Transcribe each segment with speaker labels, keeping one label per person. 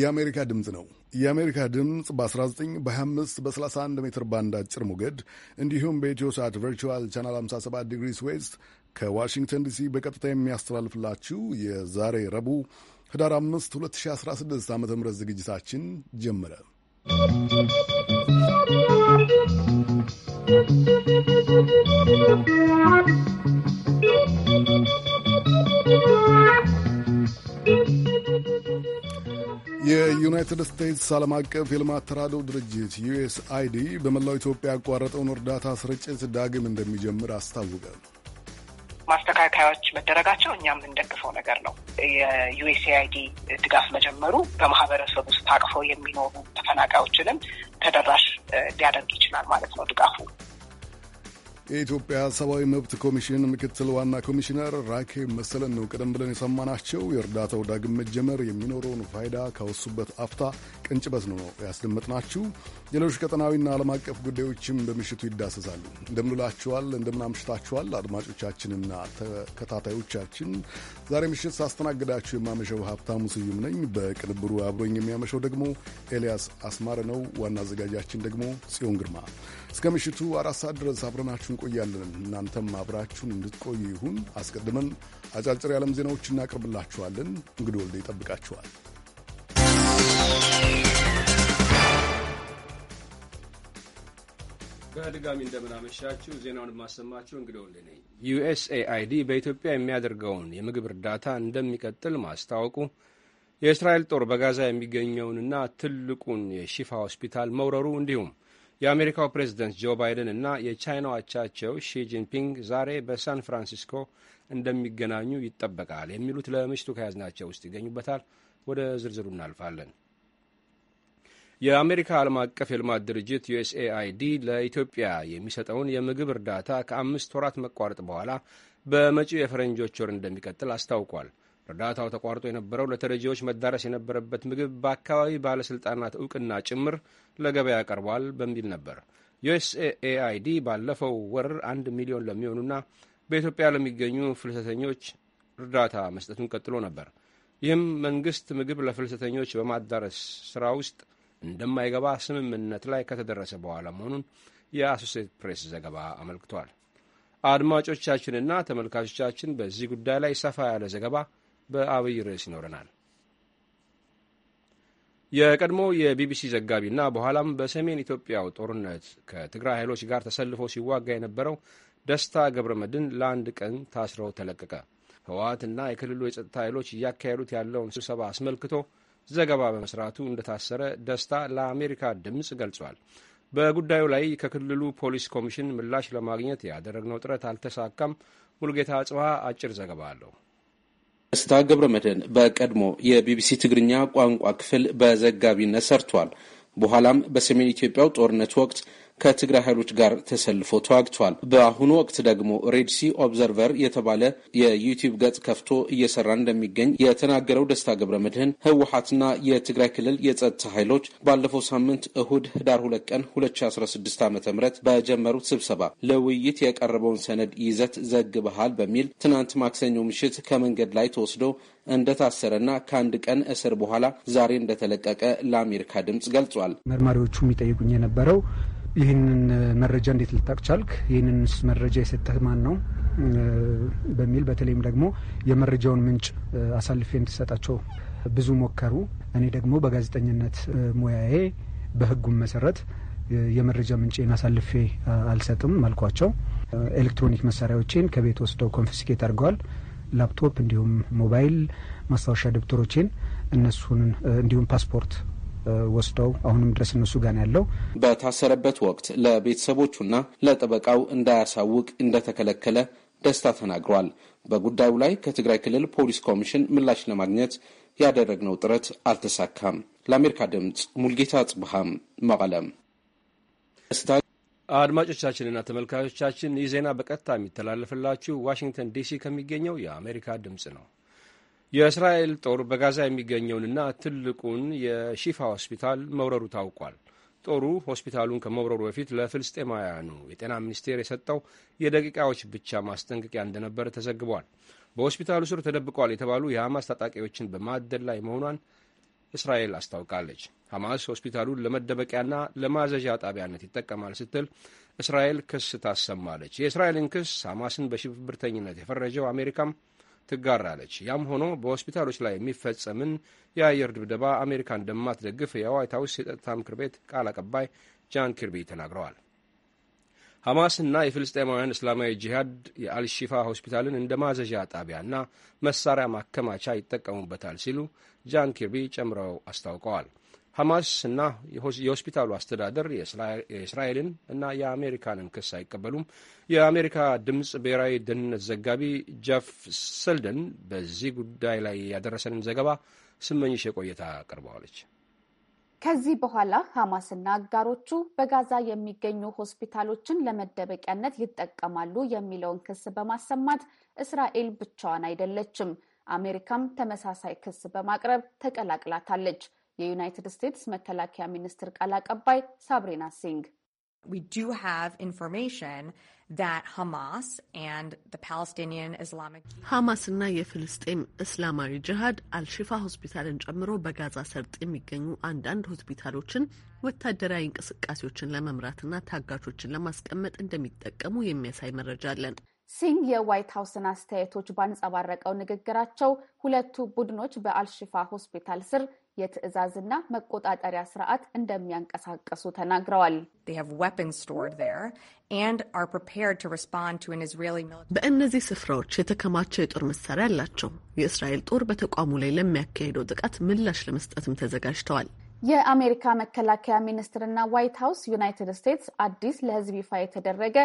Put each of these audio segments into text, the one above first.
Speaker 1: የአሜሪካ ድምፅ ነው። የአሜሪካ ድምፅ በ19 በ25 በ31 ሜትር ባንድ አጭር ሞገድ እንዲሁም በኢትዮ ሰዓት ቨርቹዋል ቻናል 57 ዲግሪስ ዌስት ከዋሽንግተን ዲሲ በቀጥታ የሚያስተላልፍላችሁ የዛሬ ረቡዕ ህዳር 5 2016 ዓ ም ዝግጅታችን ጀመረ።
Speaker 2: ¶¶
Speaker 1: የዩናይትድ ስቴትስ ዓለም አቀፍ የልማት ተራድኦ ድርጅት ዩኤስ በመላው ኢትዮጵያ ያቋረጠውን እርዳታ ስርጭት ዳግም እንደሚጀምር አስታወቀ።
Speaker 3: ማስተካከያዎች መደረጋቸው እኛም የምንደግፈው ነገር ነው። የዩኤስኤአይዲ ድጋፍ መጀመሩ በማህበረሰብ ውስጥ ታቅፈው የሚኖሩ ተፈናቃዮችንም ተደራሽ ሊያደርግ ይችላል ማለት ነው ድጋፉ
Speaker 1: የኢትዮጵያ ሰብአዊ መብት ኮሚሽን ምክትል ዋና ኮሚሽነር ራኬብ መሰለን ነው ቀደም ብለን የሰማናቸው። የእርዳታው ዳግም መጀመር የሚኖረውን ፋይዳ ካወሱበት አፍታ ቅንጭበት ነው ያስደመጥናችሁ። ሌሎች ቀጠናዊና ዓለም አቀፍ ጉዳዮችም በምሽቱ ይዳሰሳሉ። እንደምንላችኋል፣ እንደምናምሽታችኋል አድማጮቻችንና ተከታታዮቻችን። ዛሬ ምሽት ሳስተናግዳችሁ የማመሸው ሀብታሙ ስዩም ነኝ። በቅንብሩ አብሮኝ የሚያመሸው ደግሞ ኤልያስ አስማረ ነው። ዋና አዘጋጃችን ደግሞ ጽዮን ግርማ እስከ ምሽቱ አራት ሰዓት ድረስ አብረናችሁ እንቆያለን። እናንተም አብራችሁን እንድትቆዩ ይሁን። አስቀድመን አጫጭር የዓለም ዜናዎች እናቀርብላችኋለን። እንግዲህ ወልደ ይጠብቃችኋል።
Speaker 4: በድጋሚ እንደምናመሻችሁ ዜናውን የማሰማችሁ እንግዲህ ወልደ ነኝ። ዩኤስኤአይዲ በኢትዮጵያ የሚያደርገውን የምግብ እርዳታ እንደሚቀጥል ማስታወቁ፣ የእስራኤል ጦር በጋዛ የሚገኘውንና ትልቁን የሺፋ ሆስፒታል መውረሩ እንዲሁም የአሜሪካው ፕሬዝደንት ጆ ባይደን እና የቻይናው አቻቸው ሺ ጂንፒንግ ዛሬ በሳን ፍራንሲስኮ እንደሚገናኙ ይጠበቃል የሚሉት ለምሽቱ ከያዝናቸው ውስጥ ይገኙበታል። ወደ ዝርዝሩ እናልፋለን። የአሜሪካ ዓለም አቀፍ የልማት ድርጅት ዩኤስኤአይዲ ለኢትዮጵያ የሚሰጠውን የምግብ እርዳታ ከአምስት ወራት መቋረጥ በኋላ በመጪው የፈረንጆች ወር እንደሚቀጥል አስታውቋል። እርዳታው ተቋርጦ የነበረው ለተረጂዎች መዳረስ የነበረበት ምግብ በአካባቢ ባለሥልጣናት እውቅና ጭምር ለገበያ ቀርቧል በሚል ነበር። ዩኤስኤአይዲ ባለፈው ወር አንድ ሚሊዮን ለሚሆኑና በኢትዮጵያ ለሚገኙ ፍልሰተኞች እርዳታ መስጠቱን ቀጥሎ ነበር። ይህም መንግሥት ምግብ ለፍልሰተኞች በማዳረስ ሥራ ውስጥ እንደማይገባ ስምምነት ላይ ከተደረሰ በኋላ መሆኑን የአሶሴት ፕሬስ ዘገባ አመልክቷል። አድማጮቻችንና ተመልካቾቻችን በዚህ ጉዳይ ላይ ሰፋ ያለ ዘገባ በአብይ ርዕስ ይኖረናል። የቀድሞ የቢቢሲ ዘጋቢና በኋላም በሰሜን ኢትዮጵያው ጦርነት ከትግራይ ኃይሎች ጋር ተሰልፎ ሲዋጋ የነበረው ደስታ ገብረ መድን ለአንድ ቀን ታስረው ተለቀቀ። ህወሓትና የክልሉ የጸጥታ ኃይሎች እያካሄዱት ያለውን ስብሰባ አስመልክቶ ዘገባ በመስራቱ እንደታሰረ ደስታ ለአሜሪካ ድምፅ ገልጿል። በጉዳዩ ላይ ከክልሉ ፖሊስ ኮሚሽን ምላሽ ለማግኘት ያደረግነው ጥረት አልተሳካም። ጉልጌታ ጽብሃ አጭር ዘገባ አለው።
Speaker 5: እስታ ገብረ መድህን በቀድሞ የቢቢሲ ትግርኛ ቋንቋ ክፍል በዘጋቢነት ሰርቷል። በኋላም በሰሜን ኢትዮጵያው ጦርነት ወቅት ከትግራይ ኃይሎች ጋር ተሰልፎ ተዋግቷል። በአሁኑ ወቅት ደግሞ ሬድሲ ኦብዘርቨር የተባለ የዩቲዩብ ገጽ ከፍቶ እየሰራ እንደሚገኝ የተናገረው ደስታ ገብረ መድህን ህወሀትና የትግራይ ክልል የጸጥታ ኃይሎች ባለፈው ሳምንት እሁድ ህዳር ሁለት ቀን 2016 ዓ ም በጀመሩት ስብሰባ ለውይይት የቀረበውን ሰነድ ይዘት ዘግበሃል በሚል ትናንት ማክሰኞ ምሽት ከመንገድ ላይ ተወስዶ እንደታሰረና ከአንድ ቀን እስር በኋላ ዛሬ እንደተለቀቀ ለአሜሪካ ድምፅ ገልጿል።
Speaker 6: መርማሪዎቹ የሚጠይቁኝ የነበረው ይህንን መረጃ እንዴት ልታቅ ቻልክ? ይህንን መረጃ የሰጠህ ማን ነው? በሚል በተለይም ደግሞ የመረጃውን ምንጭ አሳልፌ እንድሰጣቸው ብዙ ሞከሩ። እኔ ደግሞ በጋዜጠኝነት ሙያዬ በህጉም መሰረት የመረጃ ምንጭን አሳልፌ አልሰጥም አልኳቸው። ኤሌክትሮኒክ መሳሪያዎቼን ከቤት ወስደው ኮንፊስኬት አድርገዋል። ላፕቶፕ፣ እንዲሁም ሞባይል ማስታወሻ ደብተሮቼን እነሱን እንዲሁም ፓስፖርት ወስደው አሁንም ድረስ እነሱ ጋን ያለው
Speaker 5: በታሰረበት ወቅት ለቤተሰቦቹና ለጠበቃው እንዳያሳውቅ እንደተከለከለ ደስታ ተናግሯል። በጉዳዩ ላይ ከትግራይ ክልል ፖሊስ ኮሚሽን ምላሽ ለማግኘት ያደረግነው ጥረት አልተሳካም። ለአሜሪካ ድምፅ ሙልጌታ ጽብሃም መቀለም።
Speaker 4: አድማጮቻችንና ተመልካቾቻችን ይህ ዜና በቀጥታ የሚተላለፍላችሁ ዋሽንግተን ዲሲ ከሚገኘው የአሜሪካ ድምፅ ነው። የእስራኤል ጦር በጋዛ የሚገኘውንና ትልቁን የሺፋ ሆስፒታል መውረሩ ታውቋል። ጦሩ ሆስፒታሉን ከመውረሩ በፊት ለፍልስጤማውያኑ የጤና ሚኒስቴር የሰጠው የደቂቃዎች ብቻ ማስጠንቀቂያ እንደነበረ ተዘግቧል። በሆስፒታሉ ስር ተደብቀዋል የተባሉ የሐማስ ታጣቂዎችን በማደል ላይ መሆኗን እስራኤል አስታውቃለች። ሐማስ ሆስፒታሉን ለመደበቂያና ለማዘዣ ጣቢያነት ይጠቀማል ስትል እስራኤል ክስ ታሰማለች። የእስራኤልን ክስ ሐማስን በሽብርተኝነት የፈረጀው አሜሪካም ትጋራለች። ያም ሆኖ በሆስፒታሎች ላይ የሚፈጸምን የአየር ድብደባ አሜሪካ እንደማትደግፍ የዋይት ሀውስ የጸጥታ ምክር ቤት ቃል አቀባይ ጃን ኪርቢ ተናግረዋል። ሐማስና የፍልስጤማውያን እስላማዊ ጂሃድ የአልሺፋ ሆስፒታልን እንደ ማዘዣ ጣቢያና መሳሪያ ማከማቻ ይጠቀሙበታል ሲሉ ጃን ኪርቢ ጨምረው አስታውቀዋል። ሐማስ እና የሆስፒታሉ አስተዳደር የእስራኤልን እና የአሜሪካንን ክስ አይቀበሉም። የአሜሪካ ድምፅ ብሔራዊ ደህንነት ዘጋቢ ጀፍ ሰልደን በዚህ ጉዳይ ላይ ያደረሰንን ዘገባ ስመኝሽ የቆየታ አቅርበዋለች።
Speaker 7: ከዚህ በኋላ ሐማስና አጋሮቹ በጋዛ የሚገኙ ሆስፒታሎችን ለመደበቂያነት ይጠቀማሉ የሚለውን ክስ በማሰማት እስራኤል ብቻዋን አይደለችም። አሜሪካም ተመሳሳይ ክስ በማቅረብ ተቀላቅላታለች። የዩናይትድ ስቴትስ መከላከያ ሚኒስትር ቃል አቀባይ ሳብሪና ሲንግ we do have information that Hamas and the Palestinian
Speaker 8: Islamic የፍልስጤም እስላማዊ ጅሃድ አልሽፋ ሆስፒታልን ጨምሮ በጋዛ ሰርጥ የሚገኙ አንዳንድ ሆስፒታሎችን ወታደራዊ እንቅስቃሴዎችን ለመምራትና ታጋቾችን ለማስቀመጥ እንደሚጠቀሙ የሚያሳይ መረጃ አለን።
Speaker 7: ሲንግ የዋይት ሀውስን አስተያየቶች ባንጸባረቀው ንግግራቸው ሁለቱ ቡድኖች በአልሽፋ ሆስፒታል ስር የትዕዛዝና መቆጣጠሪያ ስርዓት እንደሚያንቀሳቀሱ ተናግረዋል።
Speaker 8: በእነዚህ ስፍራዎች የተከማቸ የጦር መሳሪያ አላቸው። የእስራኤል ጦር በተቋሙ ላይ ለሚያካሄደው ጥቃት ምላሽ ለመስጠትም ተዘጋጅተዋል።
Speaker 7: የአሜሪካ መከላከያ ሚኒስትርና ዋይት ሀውስ ዩናይትድ ስቴትስ አዲስ ለሕዝብ ይፋ የተደረገ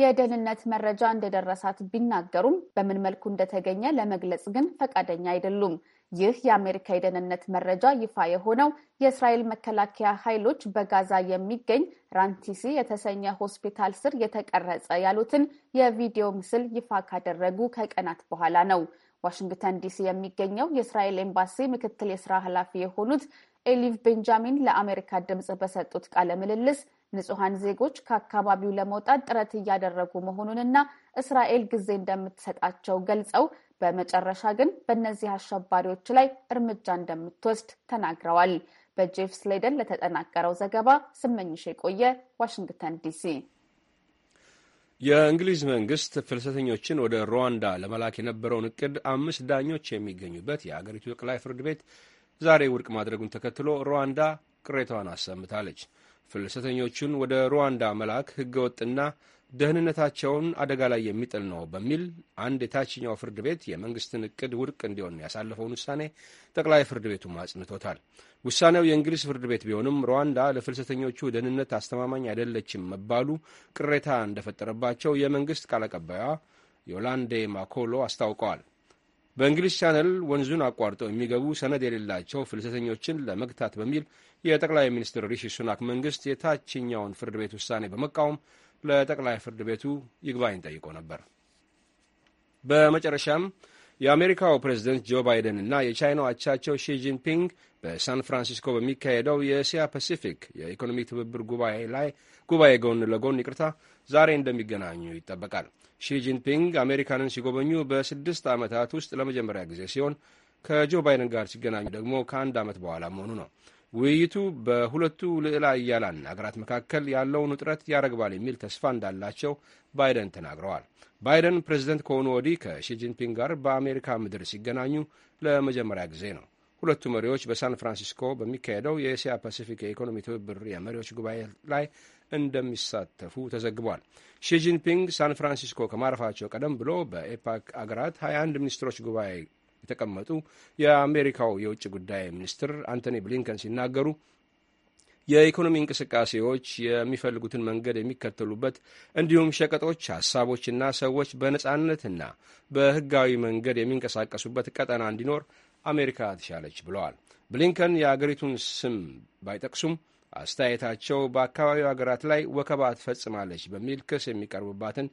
Speaker 7: የደህንነት መረጃ እንደደረሳት ቢናገሩም በምን መልኩ እንደተገኘ ለመግለጽ ግን ፈቃደኛ አይደሉም። ይህ የአሜሪካ የደህንነት መረጃ ይፋ የሆነው የእስራኤል መከላከያ ኃይሎች በጋዛ የሚገኝ ራንቲሲ የተሰኘ ሆስፒታል ስር የተቀረጸ ያሉትን የቪዲዮ ምስል ይፋ ካደረጉ ከቀናት በኋላ ነው። ዋሽንግተን ዲሲ የሚገኘው የእስራኤል ኤምባሲ ምክትል የስራ ኃላፊ የሆኑት ኤሊቭ ቤንጃሚን ለአሜሪካ ድምፅ በሰጡት ቃለ ምልልስ ንጹሐን ዜጎች ከአካባቢው ለመውጣት ጥረት እያደረጉ መሆኑንና እስራኤል ጊዜ እንደምትሰጣቸው ገልጸው በመጨረሻ ግን በእነዚህ አሸባሪዎች ላይ እርምጃ እንደምትወስድ ተናግረዋል። በጄፍ ስሌደን ለተጠናቀረው ዘገባ ስመኝሽ የቆየ ዋሽንግተን ዲሲ።
Speaker 4: የእንግሊዝ መንግስት ፍልሰተኞችን ወደ ሩዋንዳ ለመላክ የነበረውን እቅድ አምስት ዳኞች የሚገኙበት የአገሪቱ ጠቅላይ ፍርድ ቤት ዛሬ ውድቅ ማድረጉን ተከትሎ ሩዋንዳ ቅሬታዋን አሰምታለች። ፍልሰተኞቹን ወደ ሩዋንዳ መላክ ህገወጥና ደህንነታቸውን አደጋ ላይ የሚጥል ነው በሚል አንድ የታችኛው ፍርድ ቤት የመንግስትን እቅድ ውድቅ እንዲሆን ያሳለፈውን ውሳኔ ጠቅላይ ፍርድ ቤቱ አጽንቶታል። ውሳኔው የእንግሊዝ ፍርድ ቤት ቢሆንም ሩዋንዳ ለፍልሰተኞቹ ደህንነት አስተማማኝ አይደለችም መባሉ ቅሬታ እንደፈጠረባቸው የመንግስት ቃል አቀባዩ ዮላንዴ ማኮሎ አስታውቀዋል። በእንግሊዝ ቻነል ወንዙን አቋርጠው የሚገቡ ሰነድ የሌላቸው ፍልሰተኞችን ለመግታት በሚል የጠቅላይ ሚኒስትር ሪሺ ሱናክ መንግስት የታችኛውን ፍርድ ቤት ውሳኔ በመቃወም ለጠቅላይ ፍርድ ቤቱ ይግባኝ ጠይቆ ነበር። በመጨረሻም የአሜሪካው ፕሬዝደንት ጆ ባይደን እና የቻይናው አቻቸው ሺጂንፒንግ በሳን ፍራንሲስኮ በሚካሄደው የእስያ ፓሲፊክ የኢኮኖሚ ትብብር ጉባኤ ላይ ጉባኤ ጎን ለጎን ይቅርታ ዛሬ እንደሚገናኙ ይጠበቃል። ሺ አሜሪካንን ሲጎበኙ በስድስት ዓመታት ውስጥ ለመጀመሪያ ጊዜ ሲሆን ከጆ ባይደን ጋር ሲገናኙ ደግሞ ከአንድ ዓመት በኋላ መሆኑ ነው። ውይይቱ በሁለቱ ልዕላ እያላን አገራት መካከል ያለውን ውጥረት ያረግባል የሚል ተስፋ እንዳላቸው ባይደን ተናግረዋል። ባይደን ፕሬዝደንት ከሆኑ ወዲህ ከሺጂንፒንግ ጋር በአሜሪካ ምድር ሲገናኙ ለመጀመሪያ ጊዜ ነው። ሁለቱ መሪዎች በሳን ፍራንሲስኮ በሚካሄደው የእስያ ፓሲፊክ የኢኮኖሚ ትብብር የመሪዎች ጉባኤ ላይ እንደሚሳተፉ ተዘግቧል። ሺጂንፒንግ ሳን ፍራንሲስኮ ከማረፋቸው ቀደም ብሎ በኤፓክ አገራት 21 ሚኒስትሮች ጉባኤ የተቀመጡ የአሜሪካው የውጭ ጉዳይ ሚኒስትር አንቶኒ ብሊንከን ሲናገሩ የኢኮኖሚ እንቅስቃሴዎች የሚፈልጉትን መንገድ የሚከተሉበት እንዲሁም ሸቀጦች፣ ሀሳቦችና ሰዎች በነጻነትና በህጋዊ መንገድ የሚንቀሳቀሱበት ቀጠና እንዲኖር አሜሪካ ትሻለች ብለዋል። ብሊንከን የአገሪቱን ስም ባይጠቅሱም አስተያየታቸው በአካባቢው ሀገራት ላይ ወከባ ትፈጽማለች በሚል ክስ የሚቀርብባትን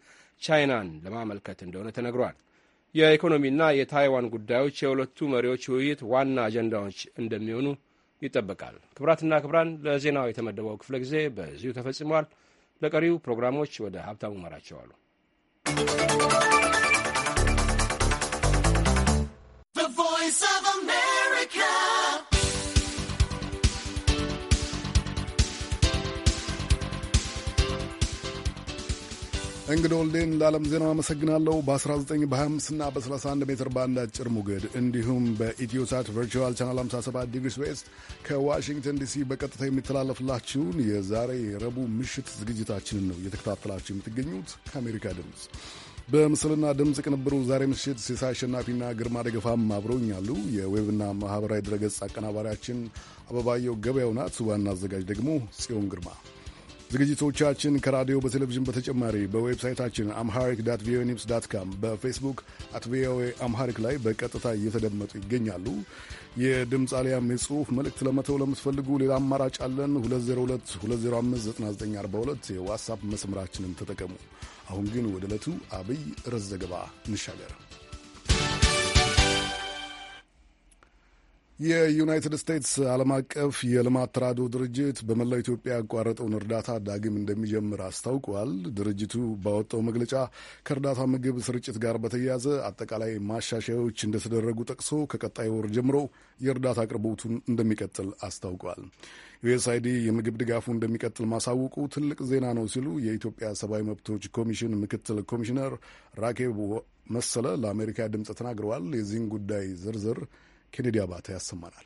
Speaker 4: ቻይናን ለማመልከት እንደሆነ ተነግሯል። የኢኮኖሚና የታይዋን ጉዳዮች የሁለቱ መሪዎች ውይይት ዋና አጀንዳዎች እንደሚሆኑ ይጠበቃል። ክብራትና ክብራን ለዜናው የተመደበው ክፍለ ጊዜ በዚሁ ተፈጽመዋል። ለቀሪው ፕሮግራሞች ወደ ሀብታሙ መራቸዋሉ።
Speaker 1: እንግዲህ ወልዴን ለዓለም ዜናው አመሰግናለሁ። በ19 በ25 እና በ31 ሜትር ባንድ አጭር ሞገድ እንዲሁም በኢትዮሳት ቨርቹዋል ቻናል 57 ዲግሪስ ዌስት ከዋሽንግተን ዲሲ በቀጥታ የሚተላለፍላችሁን የዛሬ ረቡዕ ምሽት ዝግጅታችንን ነው እየተከታተላችሁ የምትገኙት ከአሜሪካ ድምፅ በምስልና ድምፅ ቅንብሩ ዛሬ ምሽት ሲሳ አሸናፊና ግርማ ደገፋም አብረውኛሉ። የዌብና ማህበራዊ ድረገጽ አቀናባሪያችን አበባየው ገበያው ናት። ዋና አዘጋጅ ደግሞ ጽዮን ግርማ ዝግጅቶቻችን ከራዲዮ በቴሌቪዥን በተጨማሪ በዌብሳይታችን አምሃሪክ ዳት ቪኦኤ ኒውስ ዳት ካም በፌስቡክ አት ቪኦኤ አምሃሪክ ላይ በቀጥታ እየተደመጡ ይገኛሉ። የድምፅ አሊያም የጽሁፍ መልእክት ለመተው ለምትፈልጉ ሌላ አማራጭ አለን። 2022059942 የዋትሳፕ መስመራችንን ተጠቀሙ። አሁን ግን ወደ ዕለቱ አብይ ርዕስ ዘገባ እንሻገር። የዩናይትድ ስቴትስ ዓለም አቀፍ የልማት ተራድኦ ድርጅት በመላው ኢትዮጵያ ያቋረጠውን እርዳታ ዳግም እንደሚጀምር አስታውቋል። ድርጅቱ ባወጣው መግለጫ ከእርዳታ ምግብ ስርጭት ጋር በተያያዘ አጠቃላይ ማሻሻያዎች እንደተደረጉ ጠቅሶ ከቀጣይ ወር ጀምሮ የእርዳታ አቅርቦቱን እንደሚቀጥል አስታውቋል። ዩኤስአይዲ የምግብ ድጋፉ እንደሚቀጥል ማሳወቁ ትልቅ ዜና ነው ሲሉ የኢትዮጵያ ሰብአዊ መብቶች ኮሚሽን ምክትል ኮሚሽነር ራኬብ መሰለ ለአሜሪካ ድምፅ ተናግረዋል። የዚህን ጉዳይ ዝርዝር ኬኔዲ አባተ ያሰማናል።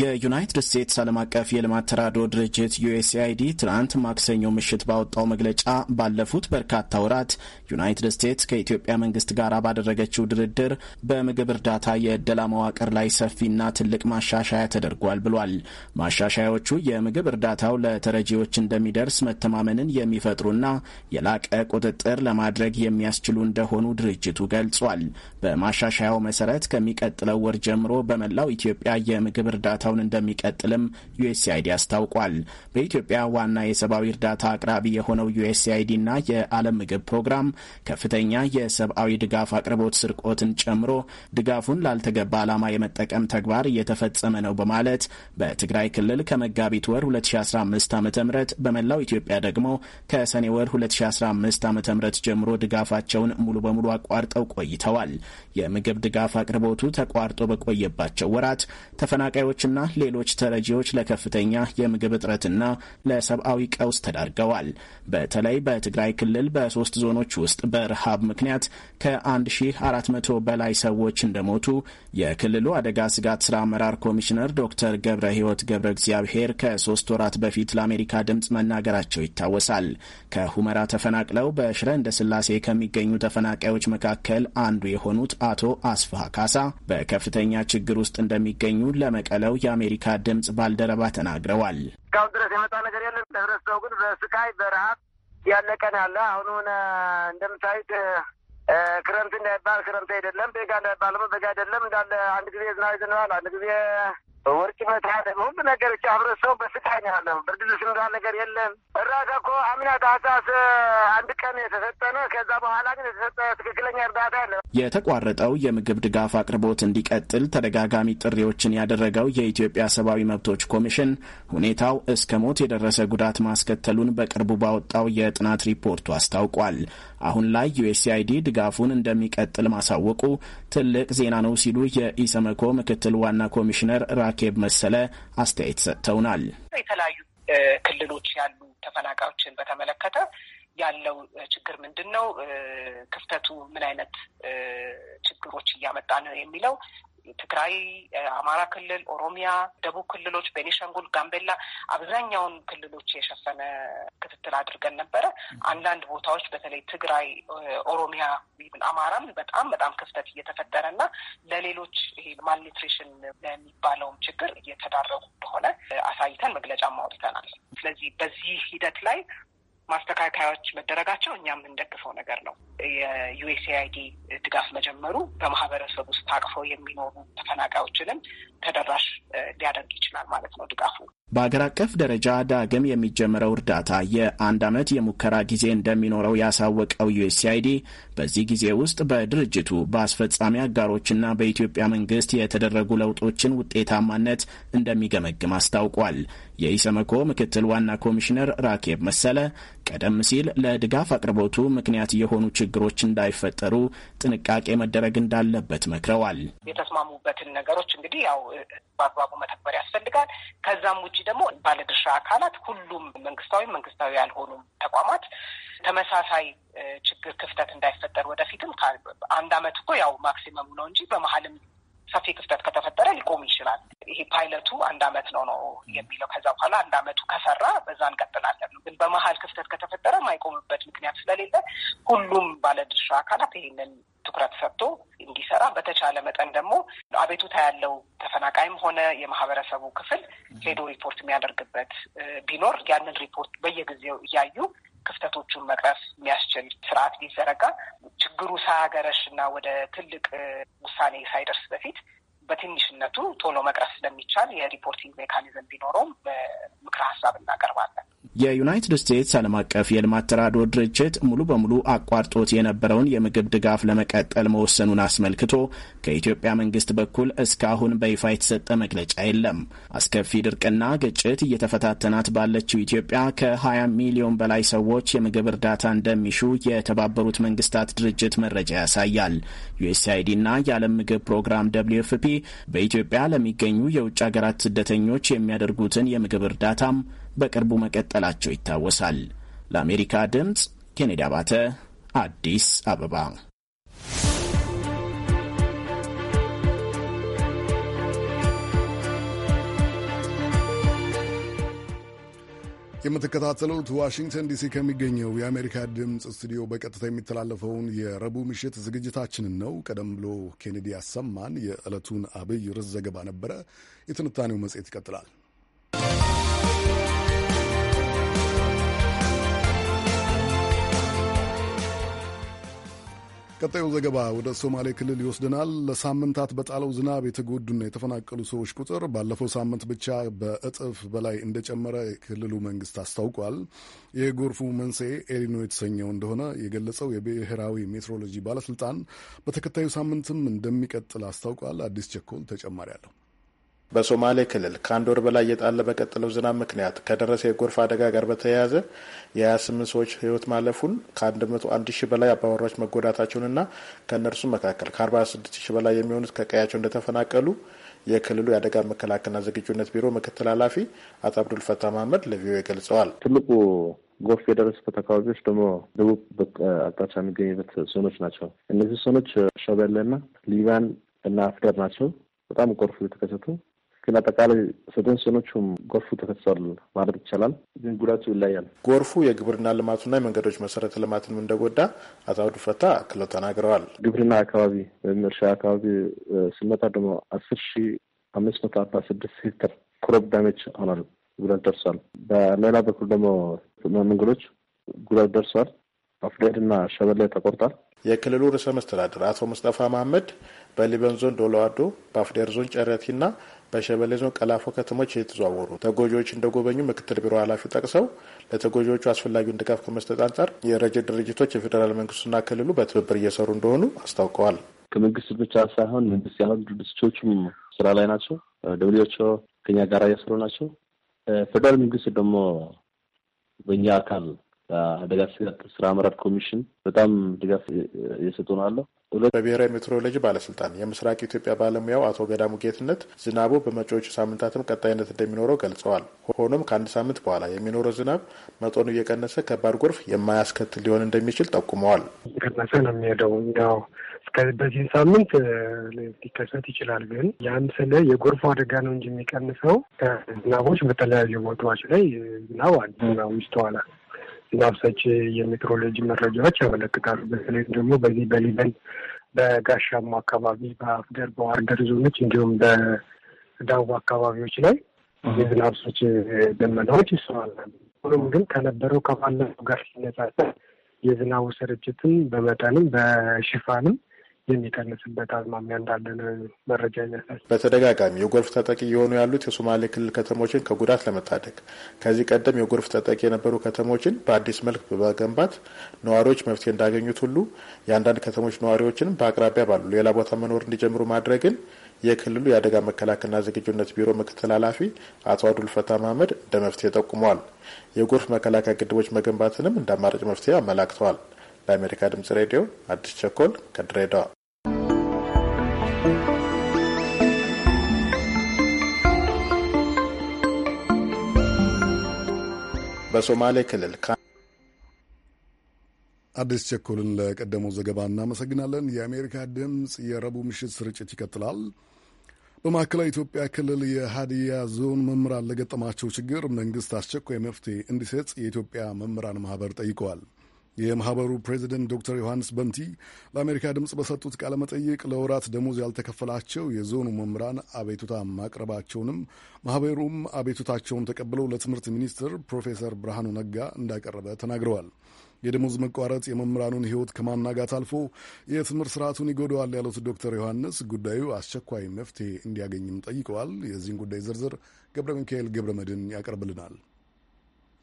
Speaker 2: የዩናይትድ ስቴትስ ዓለም አቀፍ የልማት ተራድኦ ድርጅት ዩኤስኤአይዲ ትናንት ማክሰኞ ምሽት ባወጣው መግለጫ ባለፉት በርካታ ወራት ዩናይትድ ስቴትስ ከኢትዮጵያ መንግስት ጋር ባደረገችው ድርድር በምግብ እርዳታ የእደላ መዋቅር ላይ ሰፊና ትልቅ ማሻሻያ ተደርጓል ብሏል። ማሻሻያዎቹ የምግብ እርዳታው ለተረጂዎች እንደሚደርስ መተማመንን የሚፈጥሩና የላቀ ቁጥጥር ለማድረግ የሚያስችሉ እንደሆኑ ድርጅቱ ገልጿል። በማሻሻያው መሰረት ከሚቀጥለው ወር ጀምሮ በመላው ኢትዮጵያ የምግብ እርዳታ እርዳታውን እንደሚቀጥልም ዩኤስአይዲ አስታውቋል። በኢትዮጵያ ዋና የሰብአዊ እርዳታ አቅራቢ የሆነው ዩኤስአይዲና የዓለም ምግብ ፕሮግራም ከፍተኛ የሰብአዊ ድጋፍ አቅርቦት ስርቆትን ጨምሮ ድጋፉን ላልተገባ ዓላማ የመጠቀም ተግባር እየተፈጸመ ነው በማለት በትግራይ ክልል ከመጋቢት ወር 2015 ዓ ም በመላው ኢትዮጵያ ደግሞ ከሰኔ ወር 2015 ዓ ም ጀምሮ ድጋፋቸውን ሙሉ በሙሉ አቋርጠው ቆይተዋል። የምግብ ድጋፍ አቅርቦቱ ተቋርጦ በቆየባቸው ወራት ተፈናቃዮች ተማሪዎችና ሌሎች ተረጂዎች ለከፍተኛ የምግብ እጥረትና ለሰብአዊ ቀውስ ተዳርገዋል። በተለይ በትግራይ ክልል በሶስት ዞኖች ውስጥ በረሃብ ምክንያት ከ1400 በላይ ሰዎች እንደሞቱ የክልሉ አደጋ ስጋት ስራ አመራር ኮሚሽነር ዶክተር ገብረ ህይወት ገብረ እግዚአብሔር ከሶስት ወራት በፊት ለአሜሪካ ድምፅ መናገራቸው ይታወሳል። ከሁመራ ተፈናቅለው በሽረ እንደ ስላሴ ከሚገኙ ተፈናቃዮች መካከል አንዱ የሆኑት አቶ አስፋ ካሳ በከፍተኛ ችግር ውስጥ እንደሚገኙ ለመቀለው የአሜሪካ ድምፅ ባልደረባ ተናግረዋል። እስካሁን ድረስ የመጣ ነገር የለም። ለህብረተሰቡ ግን በስቃይ በረሀብ ያለቀን
Speaker 9: ያለ ሆነ እንደምታዩት ክረምት እንዳይባል ክረምት አይደለም፣ በጋ እንዳይባል በጋ አይደለም። እንዳለ አንድ ጊዜ ዝናብ ይዘንባል፣ አንድ ጊዜ ወርቅ መታት ሁሉ ነገሮች ህብረተሰቡ በስቃይ ነው ያለው። ብርድ ልብስ የሚባል ነገር የለም። እርዳታ እኮ አምና ታህሳስ አንድ ቀን የተሰጠ ነው። ከዛ በኋላ ግን የተሰጠ ትክክለኛ እርዳታ
Speaker 2: ያለ የተቋረጠው የምግብ ድጋፍ አቅርቦት እንዲቀጥል ተደጋጋሚ ጥሪዎችን ያደረገው የኢትዮጵያ ሰብአዊ መብቶች ኮሚሽን ሁኔታው እስከ ሞት የደረሰ ጉዳት ማስከተሉን በቅርቡ ባወጣው የጥናት ሪፖርቱ አስታውቋል። አሁን ላይ ዩኤስአይዲ ድጋፉን እንደሚቀጥል ማሳወቁ ትልቅ ዜና ነው ሲሉ የኢሰመኮ ምክትል ዋና ኮሚሽነር ራኬብ መሰለ አስተያየት ሰጥተውናል።
Speaker 3: የተለያዩ ክልሎች ያሉ ተፈናቃዮችን በተመለከተ ያለው ችግር ምንድን ነው? ክፍተቱ ምን አይነት ችግሮች እያመጣ ነው የሚለው ትግራይ፣ አማራ ክልል፣ ኦሮሚያ፣ ደቡብ ክልሎች፣ ቤኒሻንጉል፣ ጋምቤላ አብዛኛውን ክልሎች የሸፈነ ክትትል አድርገን ነበረ። አንዳንድ ቦታዎች በተለይ ትግራይ፣ ኦሮሚያ፣ አማራም በጣም በጣም ክፍተት እየተፈጠረ እና ለሌሎች ይሄ ማልኒትሪሽን ለሚባለውም ችግር እየተዳረጉ እንደሆነ አሳይተን መግለጫም አውጥተናል። ስለዚህ በዚህ ሂደት ላይ ማስተካከያዎች መደረጋቸው እኛ የምንደግፈው ነገር ነው። የዩኤስኤአይዲ ድጋፍ መጀመሩ በማህበረሰብ ውስጥ ታቅፈው የሚኖሩ ተፈናቃዮችንም ተደራሽ ሊያደርግ ይችላል ማለት
Speaker 2: ነው ድጋፉ። በአገር አቀፍ ደረጃ ዳግም የሚጀምረው እርዳታ የአንድ ዓመት የሙከራ ጊዜ እንደሚኖረው ያሳወቀው ዩኤስአይዲ በዚህ ጊዜ ውስጥ በድርጅቱ በአስፈጻሚ አጋሮችና በኢትዮጵያ መንግስት የተደረጉ ለውጦችን ውጤታማነት እንደሚገመግም አስታውቋል። የኢሰመኮ ምክትል ዋና ኮሚሽነር ራኬብ መሰለ ቀደም ሲል ለድጋፍ አቅርቦቱ ምክንያት የሆኑ ችግሮች እንዳይፈጠሩ ጥንቃቄ መደረግ እንዳለበት መክረዋል።
Speaker 3: የተስማሙበትን ነገሮች እንግዲህ ያው በአግባቡ መተግበር ያስፈልጋል። ከዛም ውጭ ደግሞ ባለድርሻ አካላት ሁሉም መንግስታዊ መንግስታዊ ያልሆኑ ተቋማት ተመሳሳይ ችግር ክፍተት እንዳይፈጠር ወደፊትም አንድ አመት እኮ ያው ማክሲመሙ ነው እንጂ በመሀልም ሰፊ ክፍተት ከተፈጠረ ሊቆም ይችላል። ይሄ ፓይለቱ አንድ አመት ነው ነው የሚለው። ከዛ በኋላ አንድ አመቱ ከሰራ በዛ እንቀጥላለን። ግን በመሀል ክፍተት ከተፈጠረ ማይቆምበት ምክንያት ስለሌለ ሁሉም ባለድርሻ አካላት ይሄንን ትኩረት ሰጥቶ እንዲሰራ በተቻለ መጠን ደግሞ አቤቱታ ያለው ተፈናቃይም ሆነ የማህበረሰቡ ክፍል ሄዶ ሪፖርት የሚያደርግበት ቢኖር ያንን ሪፖርት በየጊዜው እያዩ ክፍተቶቹን መቅረፍ የሚያስችል ስርዓት ቢዘረጋ ችግሩ ሳያገረሽ እና ወደ ትልቅ ውሳኔ ሳይደርስ በፊት በትንሽነቱ ቶሎ መቅረፍ ስለሚቻል የሪፖርቲንግ ሜካኒዝም ቢኖረውም ምክረ ሀሳብ
Speaker 2: እናቀርባለን። የዩናይትድ ስቴትስ ዓለም አቀፍ የልማት ተራድኦ ድርጅት ሙሉ በሙሉ አቋርጦት የነበረውን የምግብ ድጋፍ ለመቀጠል መወሰኑን አስመልክቶ ከኢትዮጵያ መንግስት በኩል እስካሁን በይፋ የተሰጠ መግለጫ የለም። አስከፊ ድርቅና ግጭት እየተፈታተናት ባለችው ኢትዮጵያ ከ20 ሚሊዮን በላይ ሰዎች የምግብ እርዳታ እንደሚሹ የተባበሩት መንግስታት ድርጅት መረጃ ያሳያል። ዩኤስአይዲ እና የዓለም ምግብ ፕሮግራም ደብልዩ ኤፍፒ ፒ በኢትዮጵያ ለሚገኙ የውጭ ሀገራት ስደተኞች የሚያደርጉትን የምግብ እርዳታም በቅርቡ መቀጠላቸው ይታወሳል። ለአሜሪካ ድምፅ ኬኔዲ አባተ አዲስ አበባ
Speaker 1: የምትከታተሉት ዋሽንግተን ዲሲ ከሚገኘው የአሜሪካ ድምፅ ስቱዲዮ በቀጥታ የሚተላለፈውን የረቡዕ ምሽት ዝግጅታችንን ነው። ቀደም ብሎ ኬኔዲ ያሰማን የዕለቱን አብይ ርዕስ ዘገባ ነበረ። የትንታኔው መጽሔት ይቀጥላል። ቀጣዩ ዘገባ ወደ ሶማሌ ክልል ይወስደናል። ለሳምንታት በጣለው ዝናብ የተጎዱና የተፈናቀሉ ሰዎች ቁጥር ባለፈው ሳምንት ብቻ በእጥፍ በላይ እንደጨመረ የክልሉ መንግስት አስታውቋል። የጎርፉ መንስኤ ኤሊኖ የተሰኘው እንደሆነ የገለጸው የብሔራዊ ሜትሮሎጂ ባለስልጣን በተከታዩ ሳምንትም እንደሚቀጥል አስታውቋል። አዲስ ቸኮል ተጨማሪ አለው።
Speaker 10: በሶማሌ ክልል ከአንድ ወር በላይ እየጣለ በቀጠለው ዝናብ ምክንያት ከደረሰ የጎርፍ አደጋ ጋር በተያያዘ የ28 ሰዎች ህይወት ማለፉን ከ101 ሺህ በላይ አባወራዎች መጎዳታቸውንና ከእነርሱ መካከል ከ46 ሺህ በላይ የሚሆኑት ከቀያቸው እንደተፈናቀሉ የክልሉ የአደጋ መከላከልና ዝግጁነት ቢሮ ምክትል ኃላፊ አቶ አብዱልፈታ ማህመድ ለቪኦኤ ገልጸዋል። ትልቁ ጎርፍ የደረሰበት አካባቢዎች ደግሞ ደቡብ አቅጣጫ የሚገኝበት ዞኖች ናቸው። እነዚህ ዞኖች ሸበሌና ሊባን እና አፍደር ናቸው። በጣም ጎርፍ የተከሰቱ ግን አጠቃላይ ስድስት ዞኖቹም ጎርፉ ተከስቷል ማለት ይቻላል። ግን ጉዳቱ ይለያል። ጎርፉ የግብርና ልማቱና የመንገዶች መሰረተ ልማትን እንደጎዳ አቶ አብዱ ፈታ አክለው ተናግረዋል። ግብርና አካባቢ ወይም እርሻ አካባቢ ስመጣ ደግሞ አስር ሺ አምስት መቶ አርባ ስድስት ሄክተር ክሮፕ ዳሜጅ ሆኗል፣ ጉዳት ደርሷል። በሌላ በኩል ደግሞ መንገዶች ጉዳት ደርሷል። አፍዴድና ሸበሌ ተቆርጧል። የክልሉ ርዕሰ መስተዳድር አቶ ሙስጠፋ መሀመድ በሊበን ዞን ዶሎ ዋዶ፣ በአፍዴር ዞን ጨረቲና በሸበሌ ዞን ቀላፎ ከተሞች የተዘዋወሩ ተጎጂዎች እንደጎበኙ ምክትል ቢሮ ኃላፊው ጠቅሰው ለተጎጂዎቹ አስፈላጊውን ድጋፍ ከመስጠት አንጻር የረጅ ድርጅቶች የፌዴራል መንግስቱና ክልሉ በትብብር እየሰሩ እንደሆኑ አስታውቀዋል።
Speaker 11: ከመንግስት ብቻ ሳይሆን መንግስት ያሉ ድርጅቶችም ስራ ላይ ናቸው። ደብሊዎች ከኛ ጋር እየሰሩ ናቸው። ፌዴራል መንግስት ደግሞ በእኛ አካል ስጋት ስራ አመራር ኮሚሽን በጣም ድጋፍ እየሰጡን አለው።
Speaker 10: በብሔራዊ ሜትሮሎጂ ባለስልጣን የምስራቅ ኢትዮጵያ ባለሙያው አቶ ገዳሙ ጌትነት ዝናቡ በመጪዎቹ ሳምንታትም ቀጣይነት እንደሚኖረው ገልጸዋል። ሆኖም ከአንድ ሳምንት በኋላ የሚኖረው ዝናብ መጠኑ እየቀነሰ ከባድ ጎርፍ የማያስከትል ሊሆን እንደሚችል ጠቁመዋል።
Speaker 11: ቀነሰ ነው የሚሄደው ያው በዚህ ሳምንት ሊከሰት ይችላል። ግን ያን ስለ የጎርፉ አደጋ ነው እንጂ የሚቀንሰው ከዝናቦች በተለያዩ ቦታዎች ላይ ዝናብ አለ፣ ዝናቡ ይስተዋላል። ዝናብ ሰጪ የሜትሮሎጂ መረጃዎች ያመለክታሉ። በተለይም ደግሞ በዚህ በሊበን በጋሻማ አካባቢ በአፍደር በዋርደር ዞኖች እንዲሁም በዳቡ አካባቢዎች ላይ የዝናብ ሰጪ ደመናዎች ይስተዋላሉ። ሁሉም ግን ከነበረው ከባለፈው ጋር ሲነጻጸር የዝናቡ ስርጭትም በመጠንም በሽፋንም የሚቀንስበት አዝማሚያ እንዳለን መረጃ ይመስላል።
Speaker 10: በተደጋጋሚ የጎርፍ ተጠቂ የሆኑ ያሉት የሶማሌ ክልል ከተሞችን ከጉዳት ለመታደግ ከዚህ ቀደም የጎርፍ ተጠቂ የነበሩ ከተሞችን በአዲስ መልክ በመገንባት ነዋሪዎች መፍትሄ እንዳገኙት ሁሉ የአንዳንድ ከተሞች ነዋሪዎችንም በአቅራቢያ ባሉ ሌላ ቦታ መኖር እንዲጀምሩ ማድረግን የክልሉ የአደጋ መከላከልና ዝግጁነት ቢሮ ምክትል ኃላፊ አቶ አዱል ፈታ መሀመድ እንደ መፍትሄ ጠቁመዋል። የጎርፍ መከላከያ ግድቦች መገንባትንም እንደ አማራጭ መፍትሄ አመላክተዋል። ለአሜሪካ ድምጽ ሬዲዮ አዲስ ቸኮል ከድሬዳዋ በሶማሌ ክልል
Speaker 1: አዲስ ቸኮልን ለቀደመው ዘገባ እናመሰግናለን። የአሜሪካ ድምፅ የረቡዕ ምሽት ስርጭት ይቀጥላል። በማዕከላዊ ኢትዮጵያ ክልል የሀዲያ ዞን መምህራን ለገጠማቸው ችግር መንግስት አስቸኳይ መፍትሄ እንዲሰጥ የኢትዮጵያ መምህራን ማህበር ጠይቀዋል። የማህበሩ ፕሬዚደንት ዶክተር ዮሐንስ በምቲ ለአሜሪካ ድምፅ በሰጡት ቃለ መጠይቅ ለወራት ደሞዝ ያልተከፈላቸው የዞኑ መምህራን አቤቱታ ማቅረባቸውንም ማህበሩም አቤቱታቸውን ተቀብለው ለትምህርት ሚኒስትር ፕሮፌሰር ብርሃኑ ነጋ እንዳቀረበ ተናግረዋል። የደሞዝ መቋረጥ የመምህራኑን ሕይወት ከማናጋት አልፎ የትምህርት ስርዓቱን ይጎደዋል ያሉት ዶክተር ዮሐንስ ጉዳዩ አስቸኳይ መፍትሄ እንዲያገኝም ጠይቀዋል። የዚህን ጉዳይ ዝርዝር ገብረ ሚካኤል ገብረ መድን ያቀርብልናል።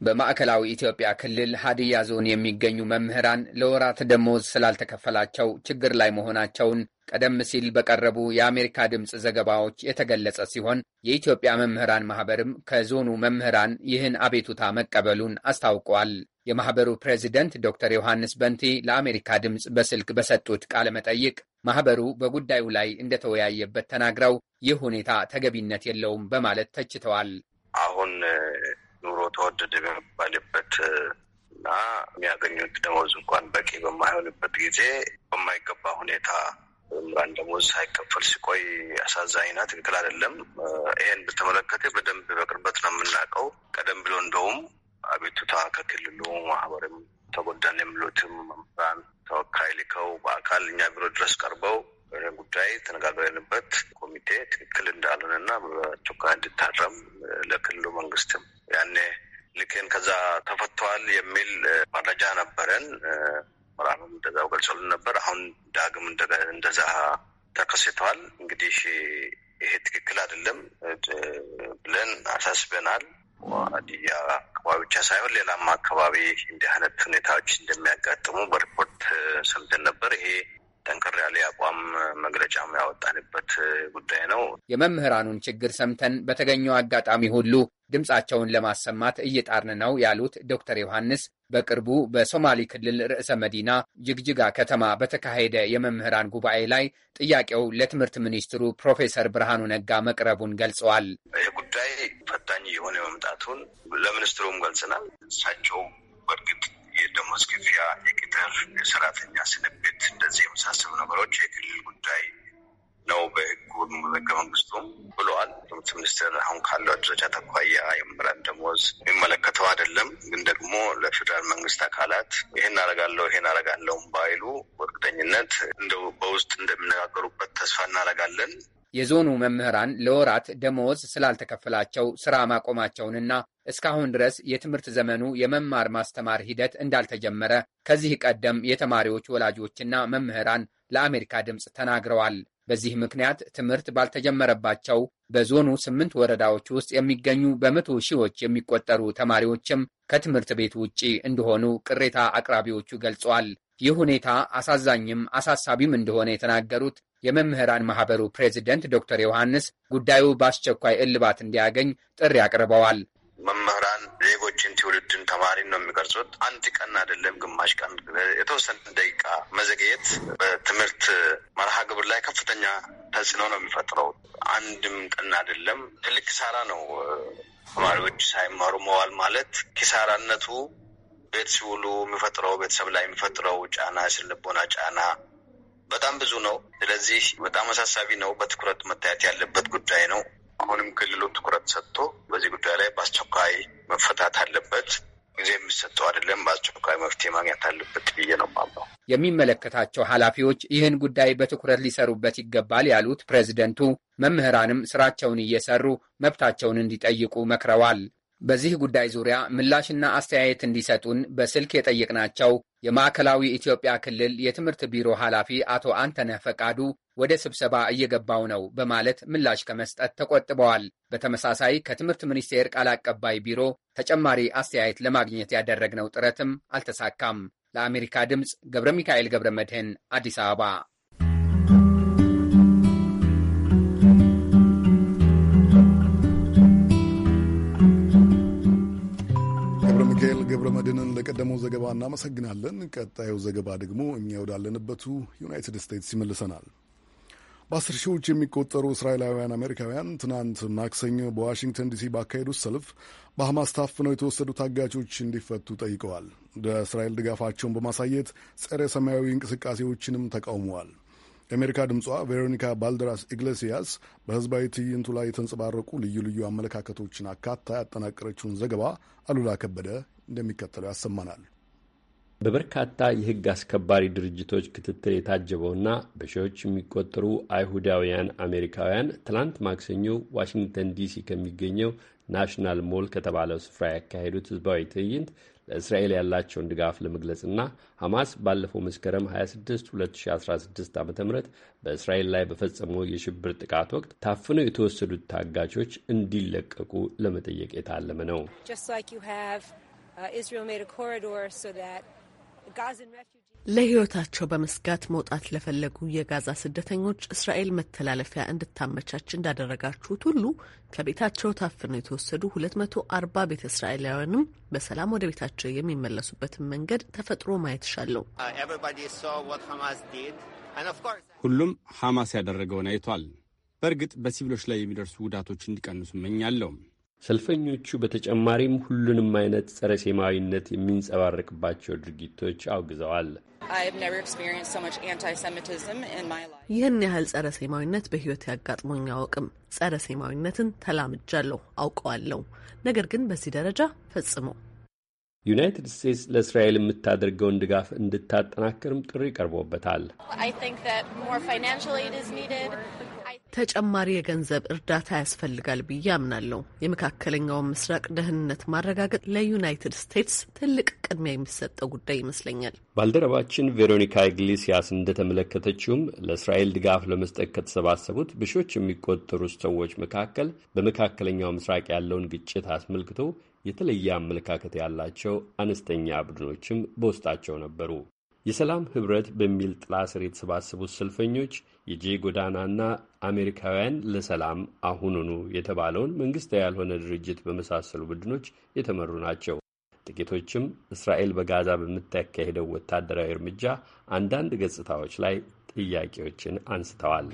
Speaker 12: በማዕከላዊ ኢትዮጵያ ክልል ሀዲያ ዞን የሚገኙ መምህራን ለወራት ደሞዝ ስላልተከፈላቸው ችግር ላይ መሆናቸውን ቀደም ሲል በቀረቡ የአሜሪካ ድምፅ ዘገባዎች የተገለጸ ሲሆን የኢትዮጵያ መምህራን ማህበርም ከዞኑ መምህራን ይህን አቤቱታ መቀበሉን አስታውቋል። የማህበሩ ፕሬዚደንት ዶክተር ዮሐንስ በንቲ ለአሜሪካ ድምፅ በስልክ በሰጡት ቃለ መጠይቅ ማህበሩ በጉዳዩ ላይ እንደተወያየበት ተናግረው ይህ ሁኔታ ተገቢነት የለውም በማለት ተችተዋል። አሁን ኑሮ ተወደደ በሚባልበት እና
Speaker 13: የሚያገኙት ደሞዝ እንኳን በቂ በማይሆንበት ጊዜ በማይገባ ሁኔታ ምራን ደሞዝ ሳይከፈል ሲቆይ አሳዛኝና ትክክል አይደለም። ይሄን በተመለከተ በደንብ በቅርበት ነው የምናውቀው። ቀደም ብሎ እንደውም አቤቱታ ከክልሉ ማህበርም ተጎዳን የሚሉትም ምራን ተወካይ ልከው በአካል እኛ ቢሮ ድረስ ቀርበው ጉዳይ ተነጋግረንበት ኮሚቴ ትክክል እንዳልሆነና በአስቸኳይ እንድታረም ለክልሉ መንግስትም ያኔ ልክን ከዛ ተፈቷል የሚል መረጃ ነበረን። መራኑም እንደዛው ገልጾልን ነበር። አሁን ዳግም እንደዛ ተከስተዋል። እንግዲህ ይሄ ትክክል አይደለም ብለን አሳስበናል። ሀዲያ አካባቢ ብቻ ሳይሆን ሌላም አካባቢ እንዲህ አይነት ሁኔታዎች እንደሚያጋጥሙ በሪፖርት ሰምተን ነበር። ይሄ ጠንከር ያለ የአቋም መግለጫም ያወጣንበት
Speaker 12: ጉዳይ ነው። የመምህራኑን ችግር ሰምተን በተገኘው አጋጣሚ ሁሉ ድምፃቸውን ለማሰማት እየጣርን ነው ያሉት ዶክተር ዮሐንስ በቅርቡ በሶማሌ ክልል ርዕሰ መዲና ጅግጅጋ ከተማ በተካሄደ የመምህራን ጉባኤ ላይ ጥያቄው ለትምህርት ሚኒስትሩ ፕሮፌሰር ብርሃኑ ነጋ መቅረቡን ገልጸዋል። ይህ
Speaker 13: ጉዳይ ፈታኝ የሆነ መምጣቱን ለሚኒስትሩም ገልጽናል። እሳቸው በእርግጥ የደሞዝ ክፍያ፣ የቅጥር የሰራተኛ ስንብት፣ እንደዚህ የመሳሰሉ ነገሮች የክልል ጉዳይ ነው። በህጉ ህገ መንግስቱም ብለዋል። ትምህርት ሚኒስትር አሁን ካለው አደረጃ ተኳያ የመምህራን ደሞዝ የሚመለከተው አይደለም። ግን ደግሞ ለፌዴራል መንግስት አካላት ይሄን አረጋለሁ ይሄን አረጋለሁም ባይሉ በእርግጠኝነት እንደው በውስጥ እንደሚነጋገሩበት ተስፋ
Speaker 12: እናረጋለን። የዞኑ መምህራን ለወራት ደመወዝ ስላልተከፈላቸው ስራ ማቆማቸውንና እስካሁን ድረስ የትምህርት ዘመኑ የመማር ማስተማር ሂደት እንዳልተጀመረ ከዚህ ቀደም የተማሪዎች ወላጆችና መምህራን ለአሜሪካ ድምፅ ተናግረዋል። በዚህ ምክንያት ትምህርት ባልተጀመረባቸው በዞኑ ስምንት ወረዳዎች ውስጥ የሚገኙ በመቶ ሺዎች የሚቆጠሩ ተማሪዎችም ከትምህርት ቤት ውጪ እንደሆኑ ቅሬታ አቅራቢዎቹ ገልጸዋል። ይህ ሁኔታ አሳዛኝም አሳሳቢም እንደሆነ የተናገሩት የመምህራን ማህበሩ ፕሬዚደንት ዶክተር ዮሐንስ ጉዳዩ በአስቸኳይ እልባት እንዲያገኝ ጥሪ አቅርበዋል።
Speaker 13: መምህራን ዜጎችን፣ ትውልድን፣ ተማሪን ነው የሚቀርጹት። አንድ ቀን አይደለም፣ ግማሽ ቀን፣ የተወሰነ ደቂቃ መዘግየት በትምህርት መርሃ ግብር ላይ ከፍተኛ ተጽዕኖ ነው የሚፈጥረው። አንድም ቀን አይደለም፣ ትልቅ ኪሳራ ነው። ተማሪዎች ሳይማሩ መዋል ማለት ኪሳራነቱ ቤት ሲውሉ የሚፈጥረው ቤተሰብ ላይ የሚፈጥረው ጫና፣ የስነ ጫና፣ በጣም ብዙ ነው። ስለዚህ በጣም አሳሳቢ ነው። በትኩረት መታየት ያለበት ጉዳይ ነው። አሁንም ክልሉ ትኩረት ሰጥቶ በዚህ ጉዳይ ላይ በአስቸኳይ መፈታት አለበት። ጊዜ የሚሰጠው አይደለም። በአስቸኳይ መፍትሄ ማግኘት አለበት ብዬ ነው
Speaker 12: የማምነው። የሚመለከታቸው ኃላፊዎች ይህን ጉዳይ በትኩረት ሊሰሩበት ይገባል ያሉት ፕሬዚደንቱ፣ መምህራንም ስራቸውን እየሰሩ መብታቸውን እንዲጠይቁ መክረዋል። በዚህ ጉዳይ ዙሪያ ምላሽና አስተያየት እንዲሰጡን በስልክ የጠየቅናቸው የማዕከላዊ ኢትዮጵያ ክልል የትምህርት ቢሮ ኃላፊ አቶ አንተነህ ፈቃዱ ወደ ስብሰባ እየገባው ነው በማለት ምላሽ ከመስጠት ተቆጥበዋል። በተመሳሳይ ከትምህርት ሚኒስቴር ቃል አቀባይ ቢሮ ተጨማሪ አስተያየት ለማግኘት ያደረግነው ጥረትም አልተሳካም። ለአሜሪካ ድምፅ ገብረ ሚካኤል ገብረ መድህን አዲስ አበባ
Speaker 1: ሚካኤል ገብረ መድህንን ለቀደመው ዘገባ እናመሰግናለን። ቀጣዩ ዘገባ ደግሞ እኛ ወዳለንበቱ ዩናይትድ ስቴትስ ይመልሰናል። በአስር ሺዎች የሚቆጠሩ እስራኤላውያን አሜሪካውያን ትናንት ማክሰኞ በዋሽንግተን ዲሲ ባካሄዱት ሰልፍ በሐማስ ታፍነው የተወሰዱ ታጋቾች እንዲፈቱ ጠይቀዋል። ለእስራኤል ድጋፋቸውን በማሳየት ጸረ ሰማያዊ እንቅስቃሴዎችንም ተቃውመዋል። የአሜሪካ ድምጿ ቬሮኒካ ባልደራስ ኢግሌሲያስ በህዝባዊ ትዕይንቱ ላይ የተንጸባረቁ ልዩ ልዩ አመለካከቶችን አካታ ያጠናቀረችውን ዘገባ አሉላ ከበደ እንደሚከተለው ያሰማናል።
Speaker 14: በበርካታ የህግ አስከባሪ ድርጅቶች ክትትል የታጀበውና በሺዎች የሚቆጠሩ አይሁዳውያን አሜሪካውያን ትላንት ማክሰኞ ዋሽንግተን ዲሲ ከሚገኘው ናሽናል ሞል ከተባለው ስፍራ ያካሄዱት ህዝባዊ ትዕይንት ለእስራኤል ያላቸውን ድጋፍ ለመግለጽና ሐማስ ባለፈው መስከረም 26 2016 ዓ ም በእስራኤል ላይ በፈጸመው የሽብር ጥቃት ወቅት ታፍነው የተወሰዱት ታጋቾች እንዲለቀቁ ለመጠየቅ የታለመ
Speaker 8: ነው። ለሕይወታቸው በመስጋት መውጣት ለፈለጉ የጋዛ ስደተኞች እስራኤል መተላለፊያ እንድታመቻች እንዳደረጋችሁት ሁሉ ከቤታቸው ታፍነው የተወሰዱ 240 ቤተ እስራኤላውያንም በሰላም ወደ ቤታቸው የሚመለሱበትን መንገድ ተፈጥሮ ማየት ሻለው። ሁሉም
Speaker 15: ሐማስ ያደረገውን አይቷል። በእርግጥ በሲቪሎች ላይ የሚደርሱ ጉዳቶች እንዲቀንሱ እመኛለሁ።
Speaker 14: ሰልፈኞቹ በተጨማሪም ሁሉንም አይነት ጸረ ሴማዊነት የሚንጸባረቅባቸው ድርጊቶች አውግዘዋል።
Speaker 8: ይህን ያህል ጸረ ሴማዊነት በሕይወት ያጋጥሞኝ አያውቅም። ጸረ ሴማዊነትን ተላምጃለሁ፣ አውቀዋለሁ። ነገር ግን በዚህ ደረጃ ፈጽመው።
Speaker 14: ዩናይትድ ስቴትስ ለእስራኤል የምታደርገውን ድጋፍ እንድታጠናክርም ጥሪ ቀርቦበታል።
Speaker 8: ተጨማሪ የገንዘብ እርዳታ ያስፈልጋል ብዬ አምናለሁ። የመካከለኛውን ምስራቅ ደህንነት ማረጋገጥ ለዩናይትድ ስቴትስ ትልቅ ቅድሚያ የሚሰጠው ጉዳይ ይመስለኛል።
Speaker 14: ባልደረባችን ቬሮኒካ ኢግሊሲያስ እንደተመለከተችውም ለእስራኤል ድጋፍ ለመስጠት ከተሰባሰቡት በሺዎች የሚቆጠሩ ሰዎች መካከል በመካከለኛው ምስራቅ ያለውን ግጭት አስመልክቶ የተለየ አመለካከት ያላቸው አነስተኛ ቡድኖችም በውስጣቸው ነበሩ። የሰላም ህብረት በሚል ጥላ ስር የተሰባሰቡት ሰልፈኞች የጄ ጎዳናና አሜሪካውያን ለሰላም አሁኑኑ የተባለውን መንግስታዊ ያልሆነ ድርጅት በመሳሰሉ ቡድኖች የተመሩ ናቸው። ጥቂቶችም እስራኤል በጋዛ በምታካሄደው ወታደራዊ እርምጃ አንዳንድ ገጽታዎች ላይ ጥያቄዎችን አንስተዋል።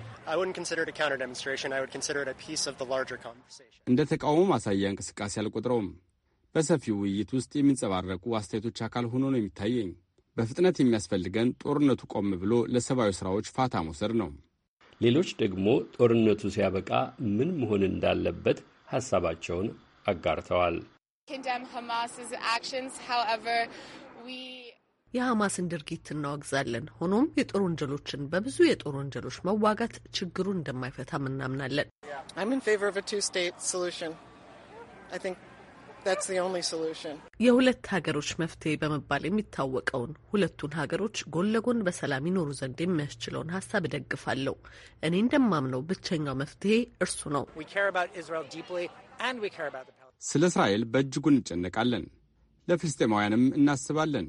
Speaker 14: እንደ ተቃውሞ
Speaker 15: ማሳያ እንቅስቃሴ አልቆጥረውም። በሰፊው ውይይት ውስጥ የሚንጸባረቁ አስተያየቶች አካል ሆኖ ነው
Speaker 14: የሚታየኝ። በፍጥነት የሚያስፈልገን ጦርነቱ ቆም ብሎ ለሰብአዊ ስራዎች ፋታ መውሰድ ነው። ሌሎች ደግሞ ጦርነቱ ሲያበቃ ምን መሆን እንዳለበት ሀሳባቸውን አጋርተዋል።
Speaker 8: የሐማስን ድርጊት እናወግዛለን። ሆኖም የጦር ወንጀሎችን በብዙ የጦር ወንጀሎች መዋጋት ችግሩን እንደማይፈታም እናምናለን። የሁለት ሀገሮች መፍትሄ በመባል የሚታወቀውን ሁለቱን ሀገሮች ጎን ለጎን በሰላም ይኖሩ ዘንድ የሚያስችለውን ሀሳብ እደግፋለሁ። እኔ እንደማምነው ብቸኛው መፍትሄ እርሱ ነው።
Speaker 15: ስለ እስራኤል በእጅጉ እንጨነቃለን፣ ለፍልስጤማውያንም እናስባለን።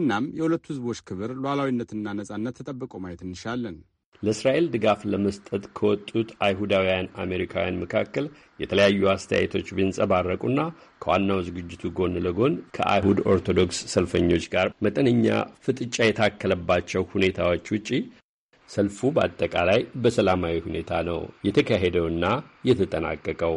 Speaker 15: እናም የሁለቱ ህዝቦች ክብር ሉዓላዊነትና ነጻነት ተጠብቆ ማየት እንሻለን።
Speaker 14: ለእስራኤል ድጋፍ ለመስጠት ከወጡት አይሁዳውያን አሜሪካውያን መካከል የተለያዩ አስተያየቶች ቢንጸባረቁና ከዋናው ዝግጅቱ ጎን ለጎን ከአይሁድ ኦርቶዶክስ ሰልፈኞች ጋር መጠነኛ ፍጥጫ የታከለባቸው ሁኔታዎች ውጪ ሰልፉ በአጠቃላይ በሰላማዊ ሁኔታ ነው የተካሄደውና የተጠናቀቀው።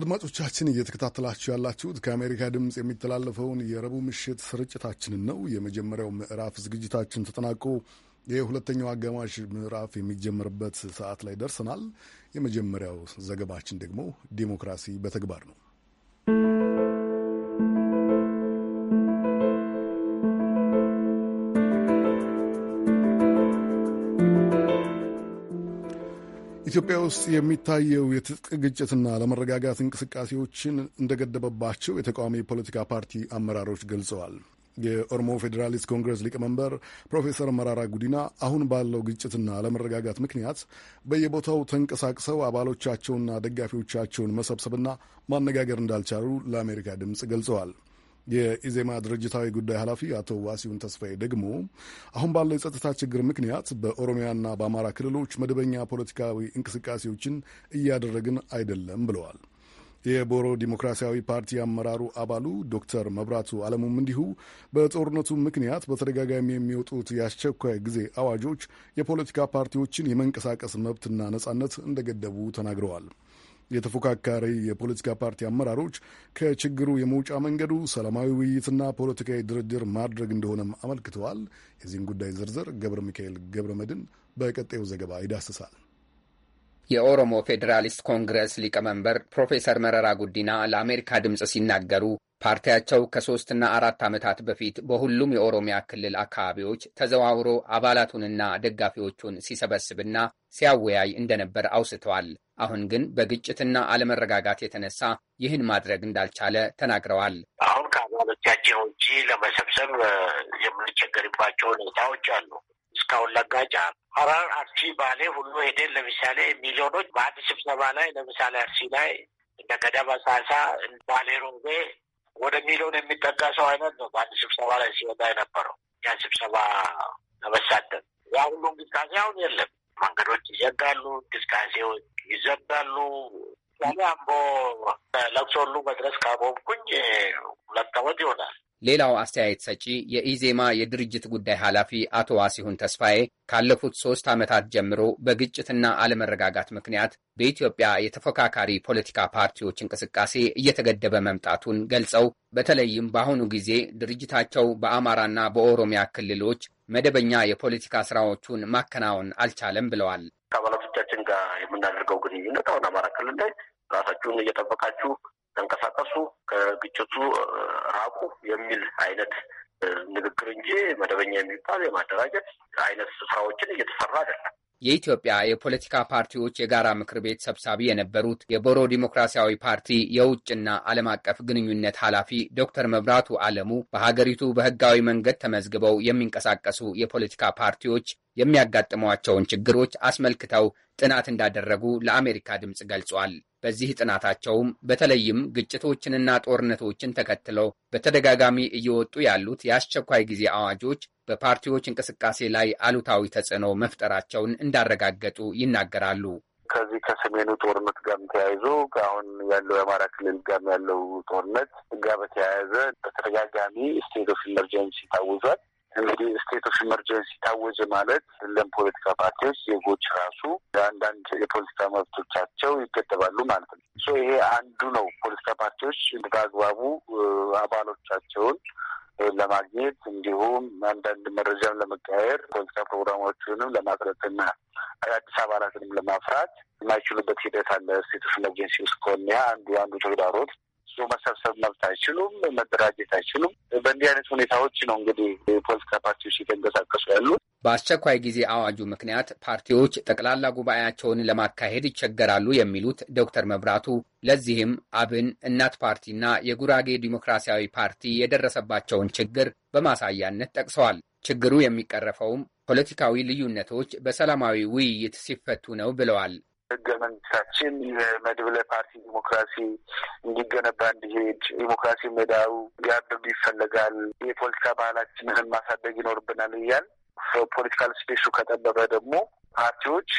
Speaker 1: አድማጮቻችን እየተከታተላችሁ ያላችሁት ከአሜሪካ ድምፅ የሚተላለፈውን የረቡዕ ምሽት ስርጭታችንን ነው። የመጀመሪያው ምዕራፍ ዝግጅታችን ተጠናቆ የሁለተኛው አጋማሽ ምዕራፍ የሚጀምርበት ሰዓት ላይ ደርሰናል። የመጀመሪያው ዘገባችን ደግሞ ዲሞክራሲ በተግባር ነው። ኢትዮጵያ ውስጥ የሚታየው የትጥቅ ግጭትና ለመረጋጋት እንቅስቃሴዎችን እንደገደበባቸው የተቃዋሚ የፖለቲካ ፓርቲ አመራሮች ገልጸዋል። የኦሮሞ ፌዴራሊስት ኮንግረስ ሊቀመንበር ፕሮፌሰር መራራ ጉዲና አሁን ባለው ግጭትና አለመረጋጋት ምክንያት በየቦታው ተንቀሳቅሰው አባሎቻቸውና ደጋፊዎቻቸውን መሰብሰብና ማነጋገር እንዳልቻሉ ለአሜሪካ ድምፅ ገልጸዋል። የኢዜማ ድርጅታዊ ጉዳይ ኃላፊ አቶ ዋሲሁን ተስፋዬ ደግሞ አሁን ባለው የጸጥታ ችግር ምክንያት በኦሮሚያና በአማራ ክልሎች መደበኛ ፖለቲካዊ እንቅስቃሴዎችን እያደረግን አይደለም ብለዋል። የቦሮ ዲሞክራሲያዊ ፓርቲ አመራሩ አባሉ ዶክተር መብራቱ አለሙም እንዲሁ በጦርነቱ ምክንያት በተደጋጋሚ የሚወጡት የአስቸኳይ ጊዜ አዋጆች የፖለቲካ ፓርቲዎችን የመንቀሳቀስ መብትና ነጻነት እንደገደቡ ተናግረዋል። የተፎካካሪ የፖለቲካ ፓርቲ አመራሮች ከችግሩ የመውጫ መንገዱ ሰላማዊ ውይይትና ፖለቲካዊ ድርድር ማድረግ እንደሆነም አመልክተዋል። የዚህን ጉዳይ ዝርዝር ገብረ ሚካኤል ገብረ መድን በቀጣዩ ዘገባ ይዳስሳል።
Speaker 12: የኦሮሞ ፌዴራሊስት ኮንግረስ ሊቀመንበር ፕሮፌሰር መረራ ጉዲና ለአሜሪካ ድምፅ ሲናገሩ ፓርቲያቸው ከሶስትና አራት ዓመታት በፊት በሁሉም የኦሮሚያ ክልል አካባቢዎች ተዘዋውሮ አባላቱንና ደጋፊዎቹን ሲሰበስብና ሲያወያይ እንደነበር አውስተዋል። አሁን ግን በግጭትና አለመረጋጋት የተነሳ ይህን ማድረግ እንዳልቻለ ተናግረዋል። አሁን ከአባሎቻችን ውጭ ለመሰብሰብ
Speaker 9: የምንቸገርባቸው ሁኔታዎች አሉ። ወለጋ፣ ጃም፣ ሐረር፣ አርሲ፣ ባሌ ሁሉ ሄደን ለምሳሌ ሚሊዮኖች በአንድ ስብሰባ ላይ ለምሳሌ አርሲ ላይ እንደ ገደብ ሳሳ ባሌ ሮቤ ወደ ሚሊዮን የሚጠጋ ሰው አይነት ነው በአንድ ስብሰባ ላይ ሲወጣ የነበረው ያ ስብሰባ ለመሳደብ ያ ሁሉ እንቅስቃሴ አሁን የለም። መንገዶች ይዘጋሉ፣ እንቅስቃሴዎች ይዘጋሉ። ያለ አምቦ ለቅሶ ሁሉ መድረስ
Speaker 12: ካቆምኩኝ ሁለት ዓመት ይሆናል። ሌላው አስተያየት ሰጪ የኢዜማ የድርጅት ጉዳይ ኃላፊ አቶ ዋሲሁን ተስፋዬ ካለፉት ሶስት ዓመታት ጀምሮ በግጭትና አለመረጋጋት ምክንያት በኢትዮጵያ የተፎካካሪ ፖለቲካ ፓርቲዎች እንቅስቃሴ እየተገደበ መምጣቱን ገልጸው በተለይም በአሁኑ ጊዜ ድርጅታቸው በአማራና በኦሮሚያ ክልሎች መደበኛ የፖለቲካ ስራዎቹን ማከናወን አልቻለም ብለዋል።
Speaker 9: ከአባላቶቻችን ጋር የምናደርገው ግንኙነት አሁን አማራ ክልል ላይ ራሳችሁን እየጠበቃችሁ ተንቀሳቀሱ፣ ከግጭቱ ራቁ የሚል አይነት ንግግር እንጂ
Speaker 12: መደበኛ የሚባል የማደራጀት አይነት ስራዎችን እየተሰራ አይደለም። የኢትዮጵያ የፖለቲካ ፓርቲዎች የጋራ ምክር ቤት ሰብሳቢ የነበሩት የቦሮ ዲሞክራሲያዊ ፓርቲ የውጭና ዓለም አቀፍ ግንኙነት ኃላፊ ዶክተር መብራቱ አለሙ በሀገሪቱ በህጋዊ መንገድ ተመዝግበው የሚንቀሳቀሱ የፖለቲካ ፓርቲዎች የሚያጋጥሟቸውን ችግሮች አስመልክተው ጥናት እንዳደረጉ ለአሜሪካ ድምፅ ገልጿል። በዚህ ጥናታቸውም በተለይም ግጭቶችንና ጦርነቶችን ተከትለው በተደጋጋሚ እየወጡ ያሉት የአስቸኳይ ጊዜ አዋጆች በፓርቲዎች እንቅስቃሴ ላይ አሉታዊ ተጽዕኖ መፍጠራቸውን እንዳረጋገጡ ይናገራሉ።
Speaker 11: ከዚህ ከሰሜኑ ጦርነት ጋርም ተያይዞ አሁን ያለው የአማራ ክልል ጋርም ያለው ጦርነት ጋር በተያያዘ በተደጋጋሚ ስቴት ኦፍ ኢመርጀንሲ ታውጇል። እንግዲህ ስቴት ኦፍ ኢመርጀንሲ ታወጀ ማለት ለም ፖለቲካ ፓርቲዎች ዜጎች ራሱ አንዳንድ የፖለቲካ መብቶቻቸው ይገደባሉ ማለት ነው። ይሄ አንዱ ነው። ፖለቲካ ፓርቲዎች በአግባቡ አባሎቻቸውን ለማግኘት እንዲሁም አንዳንድ መረጃም ለመቀያየር ፖለቲካ ፕሮግራሞችንም ለማቅረጥና አዳዲስ አባላትንም ለማፍራት የማይችሉበት ሂደት አለ። ስቴት ኦፍ ኢመርጀንሲ ውስጥ ከሆነ አንዱ አንዱ ተግዳሮት ሰው መሰብሰብ መብት አይችሉም፣ መደራጀት አይችሉም። በእንዲህ አይነት ሁኔታዎች ነው እንግዲህ የፖለቲካ ፓርቲዎች
Speaker 12: እየተንቀሳቀሱ ያሉ። በአስቸኳይ ጊዜ አዋጁ ምክንያት ፓርቲዎች ጠቅላላ ጉባኤያቸውን ለማካሄድ ይቸገራሉ የሚሉት ዶክተር መብራቱ ለዚህም አብን፣ እናት ፓርቲና የጉራጌ ዲሞክራሲያዊ ፓርቲ የደረሰባቸውን ችግር በማሳያነት ጠቅሰዋል። ችግሩ የሚቀረፈውም ፖለቲካዊ ልዩነቶች በሰላማዊ ውይይት ሲፈቱ ነው ብለዋል።
Speaker 11: ህገ መንግስታችን የመድብለ ፓርቲ ዲሞክራሲ እንዲገነባ እንዲሄድ ዲሞክራሲ ሜዳው ሊያብብ ይፈለጋል፣ የፖለቲካ ባህላችንን ማሳደግ ይኖርብናል እያል ፖለቲካል ስፔሱ ከጠበበ ደግሞ ፓርቲዎች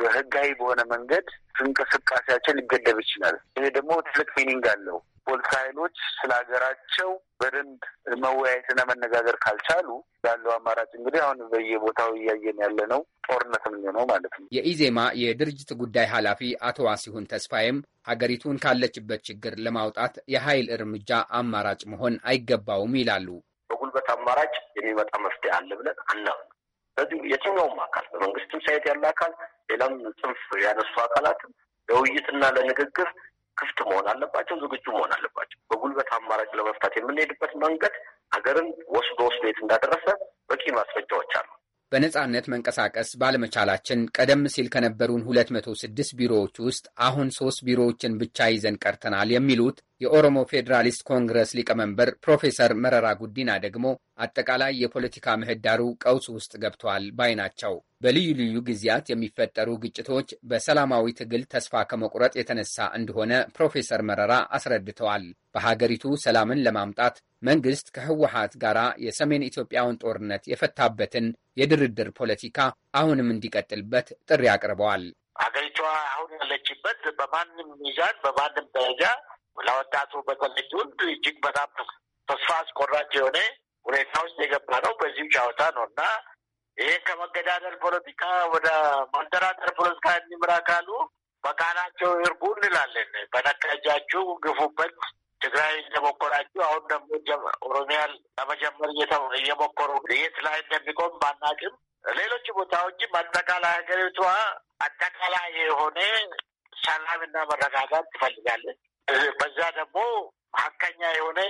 Speaker 11: በህጋዊ በሆነ መንገድ እንቅስቃሴያቸው ሊገደብ ይችላል። ይሄ ደግሞ ትልቅ ሚኒንግ አለው። ፖለቲካ ኃይሎች ስለ ሀገራቸው በደንብ መወያየትና መነጋገር ካልቻሉ ያለው አማራጭ እንግዲህ አሁን በየቦታው እያየን ያለ ነው ጦርነት ነው ማለት ነው።
Speaker 12: የኢዜማ የድርጅት ጉዳይ ኃላፊ አቶ ዋሲሁን ተስፋዬም ሀገሪቱን ካለችበት ችግር ለማውጣት የኃይል እርምጃ አማራጭ መሆን አይገባውም ይላሉ። በጉልበት
Speaker 13: አማራጭ የሚመጣ መፍትሄ አለ
Speaker 9: ብለን አናምን። ስለዚህ የትኛውም አካል በመንግስትም ሳይት ያለ አካል ሌላም ጽንፍ ያነሱ አካላትም ለውይይትና ለንግግር ክፍት መሆን አለባቸው፣ ዝግጁ መሆን አለባቸው። በጉልበት አማራጭ ለመፍታት የምንሄድበት መንገድ ሀገርን ወስዶ ወስዶ የት እንዳደረሰ በቂ
Speaker 12: ማስረጃዎች አሉ። በነጻነት መንቀሳቀስ ባለመቻላችን ቀደም ሲል ከነበሩን 206 ቢሮዎች ውስጥ አሁን ሶስት ቢሮዎችን ብቻ ይዘን ቀርተናል የሚሉት የኦሮሞ ፌዴራሊስት ኮንግረስ ሊቀመንበር ፕሮፌሰር መረራ ጉዲና ደግሞ አጠቃላይ የፖለቲካ ምህዳሩ ቀውስ ውስጥ ገብቷል ባይ ናቸው። በልዩ ልዩ ጊዜያት የሚፈጠሩ ግጭቶች በሰላማዊ ትግል ተስፋ ከመቁረጥ የተነሳ እንደሆነ ፕሮፌሰር መረራ አስረድተዋል። በሀገሪቱ ሰላምን ለማምጣት መንግሥት ከህወሓት ጋር የሰሜን ኢትዮጵያውን ጦርነት የፈታበትን የድርድር ፖለቲካ አሁንም እንዲቀጥልበት ጥሪ አቅርበዋል።
Speaker 9: ሀገሪቷ አሁን ያለችበት በማንም ሚዛን በማንም ደረጃ ለወጣቱ በተለይ እጅግ በጣም ተስፋ አስቆራጭ የሆነ ሁኔታ ውስጥ የገባ ነው። በዚሁ ጫወታ ነው እና ይሄ ከመገዳደር ፖለቲካ ወደ መንደራደር ፖለቲካ የሚምራ ካሉ በቃላቸው እርቡ እንላለን። በነካ እጃችሁ ግፉበት፣ ትግራይ እንደሞከራችሁ አሁን ደግሞ ኦሮሚያ ለመጀመር እየሞከሩ የት ላይ እንደሚቆም ባናቅም፣ ሌሎች ቦታዎችም አጠቃላይ ሀገሪቷ አጠቃላይ የሆነ ሰላምና መረጋጋት ትፈልጋለች። በዛ ደግሞ ሀቀኛ የሆነ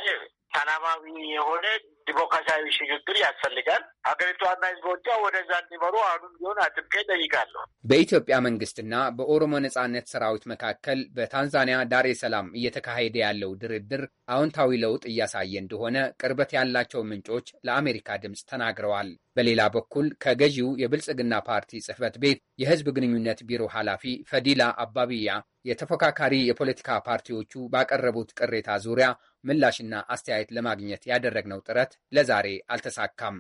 Speaker 9: ሰላማዊ የሆነ ዲሞክራሲያዊ ሽግግር ያስፈልጋል። ሀገሪቷና ሕዝቦቿ ወደዛ እንዲመሩ
Speaker 12: አሁንም ቢሆን አጥብቄ ጠይቃለሁ። በኢትዮጵያ መንግስትና በኦሮሞ ነጻነት ሰራዊት መካከል በታንዛኒያ ዳሬ ሰላም እየተካሄደ ያለው ድርድር አዎንታዊ ለውጥ እያሳየ እንደሆነ ቅርበት ያላቸው ምንጮች ለአሜሪካ ድምፅ ተናግረዋል። በሌላ በኩል ከገዢው የብልጽግና ፓርቲ ጽህፈት ቤት የህዝብ ግንኙነት ቢሮ ኃላፊ ፈዲላ አባብያ። የተፎካካሪ የፖለቲካ ፓርቲዎቹ ባቀረቡት ቅሬታ ዙሪያ ምላሽና አስተያየት ለማግኘት ያደረግነው ጥረት ለዛሬ አልተሳካም።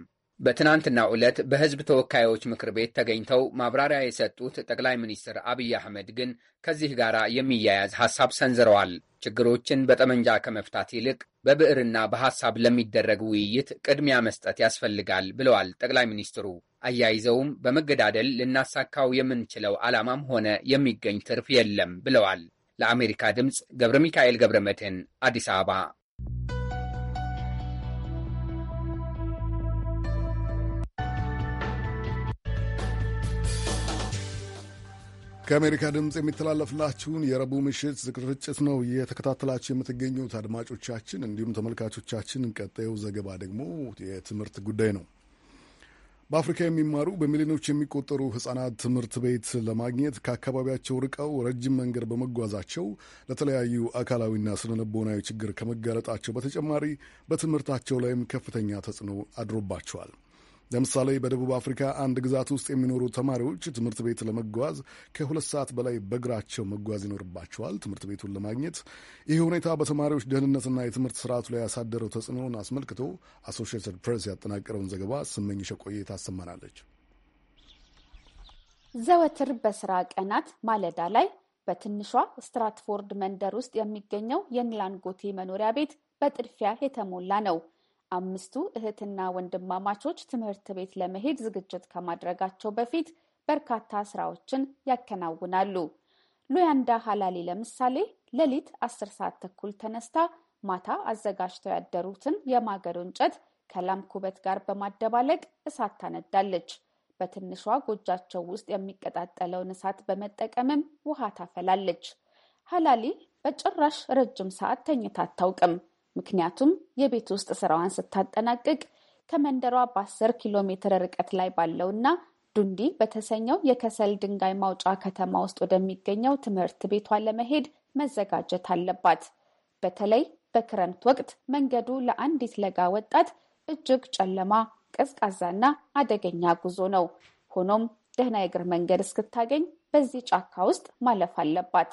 Speaker 12: በትናንትናው ዕለት በሕዝብ ተወካዮች ምክር ቤት ተገኝተው ማብራሪያ የሰጡት ጠቅላይ ሚኒስትር አብይ አህመድ ግን ከዚህ ጋር የሚያያዝ ሐሳብ ሰንዝረዋል። ችግሮችን በጠመንጃ ከመፍታት ይልቅ በብዕርና በሐሳብ ለሚደረግ ውይይት ቅድሚያ መስጠት ያስፈልጋል ብለዋል ጠቅላይ ሚኒስትሩ። አያይዘውም በመገዳደል ልናሳካው የምንችለው ዓላማም ሆነ የሚገኝ ትርፍ የለም ብለዋል። ለአሜሪካ ድምፅ ገብረ ሚካኤል ገብረ መድህን አዲስ አበባ።
Speaker 1: ከአሜሪካ ድምፅ የሚተላለፍላችሁን የረቡዕ ምሽት ስርጭት ነው የተከታተላችሁ የምትገኙት አድማጮቻችን፣ እንዲሁም ተመልካቾቻችን። ቀጣዩ ዘገባ ደግሞ የትምህርት ጉዳይ ነው። በአፍሪካ የሚማሩ በሚሊዮኖች የሚቆጠሩ ህጻናት ትምህርት ቤት ለማግኘት ከአካባቢያቸው ርቀው ረጅም መንገድ በመጓዛቸው ለተለያዩ አካላዊና ስነልቦናዊ ችግር ከመጋለጣቸው በተጨማሪ በትምህርታቸው ላይም ከፍተኛ ተጽዕኖ አድሮባቸዋል። ለምሳሌ በደቡብ አፍሪካ አንድ ግዛት ውስጥ የሚኖሩ ተማሪዎች ትምህርት ቤት ለመጓዝ ከሁለት ሰዓት በላይ በእግራቸው መጓዝ ይኖርባቸዋል ትምህርት ቤቱን ለማግኘት። ይህ ሁኔታ በተማሪዎች ደህንነትና የትምህርት ስርዓቱ ላይ ያሳደረው ተጽዕኖን አስመልክቶ አሶሺየትድ ፕሬስ ያጠናቀረውን ዘገባ ስመኝሽ ቆየ ታሰማናለች።
Speaker 7: ዘወትር በስራ ቀናት ማለዳ ላይ በትንሿ ስትራትፎርድ መንደር ውስጥ የሚገኘው የንላንጎቴ መኖሪያ ቤት በጥድፊያ የተሞላ ነው። አምስቱ እህትና ወንድማማቾች ትምህርት ቤት ለመሄድ ዝግጅት ከማድረጋቸው በፊት በርካታ ስራዎችን ያከናውናሉ። ሉያንዳ ሀላሊ ለምሳሌ ሌሊት አስር ሰዓት ተኩል ተነስታ ማታ አዘጋጅተው ያደሩትን የማገዶ እንጨት ከላም ኩበት ጋር በማደባለቅ እሳት ታነዳለች። በትንሿ ጎጃቸው ውስጥ የሚቀጣጠለውን እሳት በመጠቀምም ውሃ ታፈላለች። ሀላሊ በጭራሽ ረጅም ሰዓት ተኝታ አታውቅም። ምክንያቱም የቤት ውስጥ ስራዋን ስታጠናቅቅ ከመንደሯ በአስር ኪሎ ሜትር ርቀት ላይ ባለውና ዱንዲ በተሰኘው የከሰል ድንጋይ ማውጫ ከተማ ውስጥ ወደሚገኘው ትምህርት ቤቷ ለመሄድ መዘጋጀት አለባት። በተለይ በክረምት ወቅት መንገዱ ለአንዲት ለጋ ወጣት እጅግ ጨለማ፣ ቀዝቃዛና አደገኛ ጉዞ ነው። ሆኖም ደህና የእግር መንገድ እስክታገኝ በዚህ ጫካ ውስጥ ማለፍ አለባት።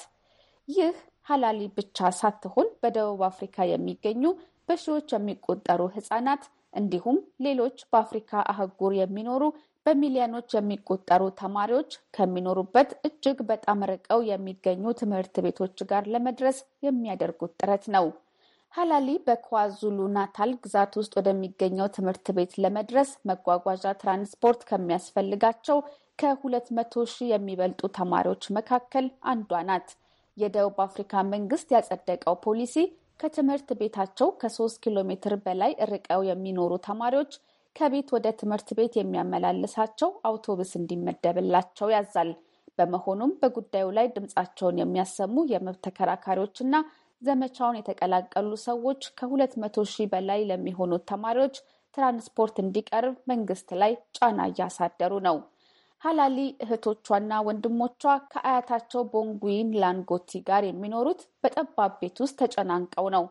Speaker 7: ይህ ሀላሊ ብቻ ሳትሆን በደቡብ አፍሪካ የሚገኙ በሺዎች የሚቆጠሩ ህጻናት እንዲሁም ሌሎች በአፍሪካ አህጉር የሚኖሩ በሚሊዮኖች የሚቆጠሩ ተማሪዎች ከሚኖሩበት እጅግ በጣም ርቀው የሚገኙ ትምህርት ቤቶች ጋር ለመድረስ የሚያደርጉት ጥረት ነው። ሀላሊ በኳዙሉ ናታል ግዛት ውስጥ ወደሚገኘው ትምህርት ቤት ለመድረስ መጓጓዣ ትራንስፖርት ከሚያስፈልጋቸው ከሁለት መቶ ሺህ የሚበልጡ ተማሪዎች መካከል አንዷ ናት። የደቡብ አፍሪካ መንግስት ያጸደቀው ፖሊሲ ከትምህርት ቤታቸው ከሶስት ኪሎ ሜትር በላይ ርቀው የሚኖሩ ተማሪዎች ከቤት ወደ ትምህርት ቤት የሚያመላልሳቸው አውቶቡስ እንዲመደብላቸው ያዛል። በመሆኑም በጉዳዩ ላይ ድምፃቸውን የሚያሰሙ የመብት ና ዘመቻውን የተቀላቀሉ ሰዎች ከሁለት መቶ ሺህ በላይ ለሚሆኑት ተማሪዎች ትራንስፖርት እንዲቀርብ መንግስት ላይ ጫና እያሳደሩ ነው። ሀላሊ እህቶቿና ወንድሞቿ ከአያታቸው ቦንጉይን ላንጎቲ ጋር የሚኖሩት በጠባብ ቤት ውስጥ ተጨናንቀው ነው።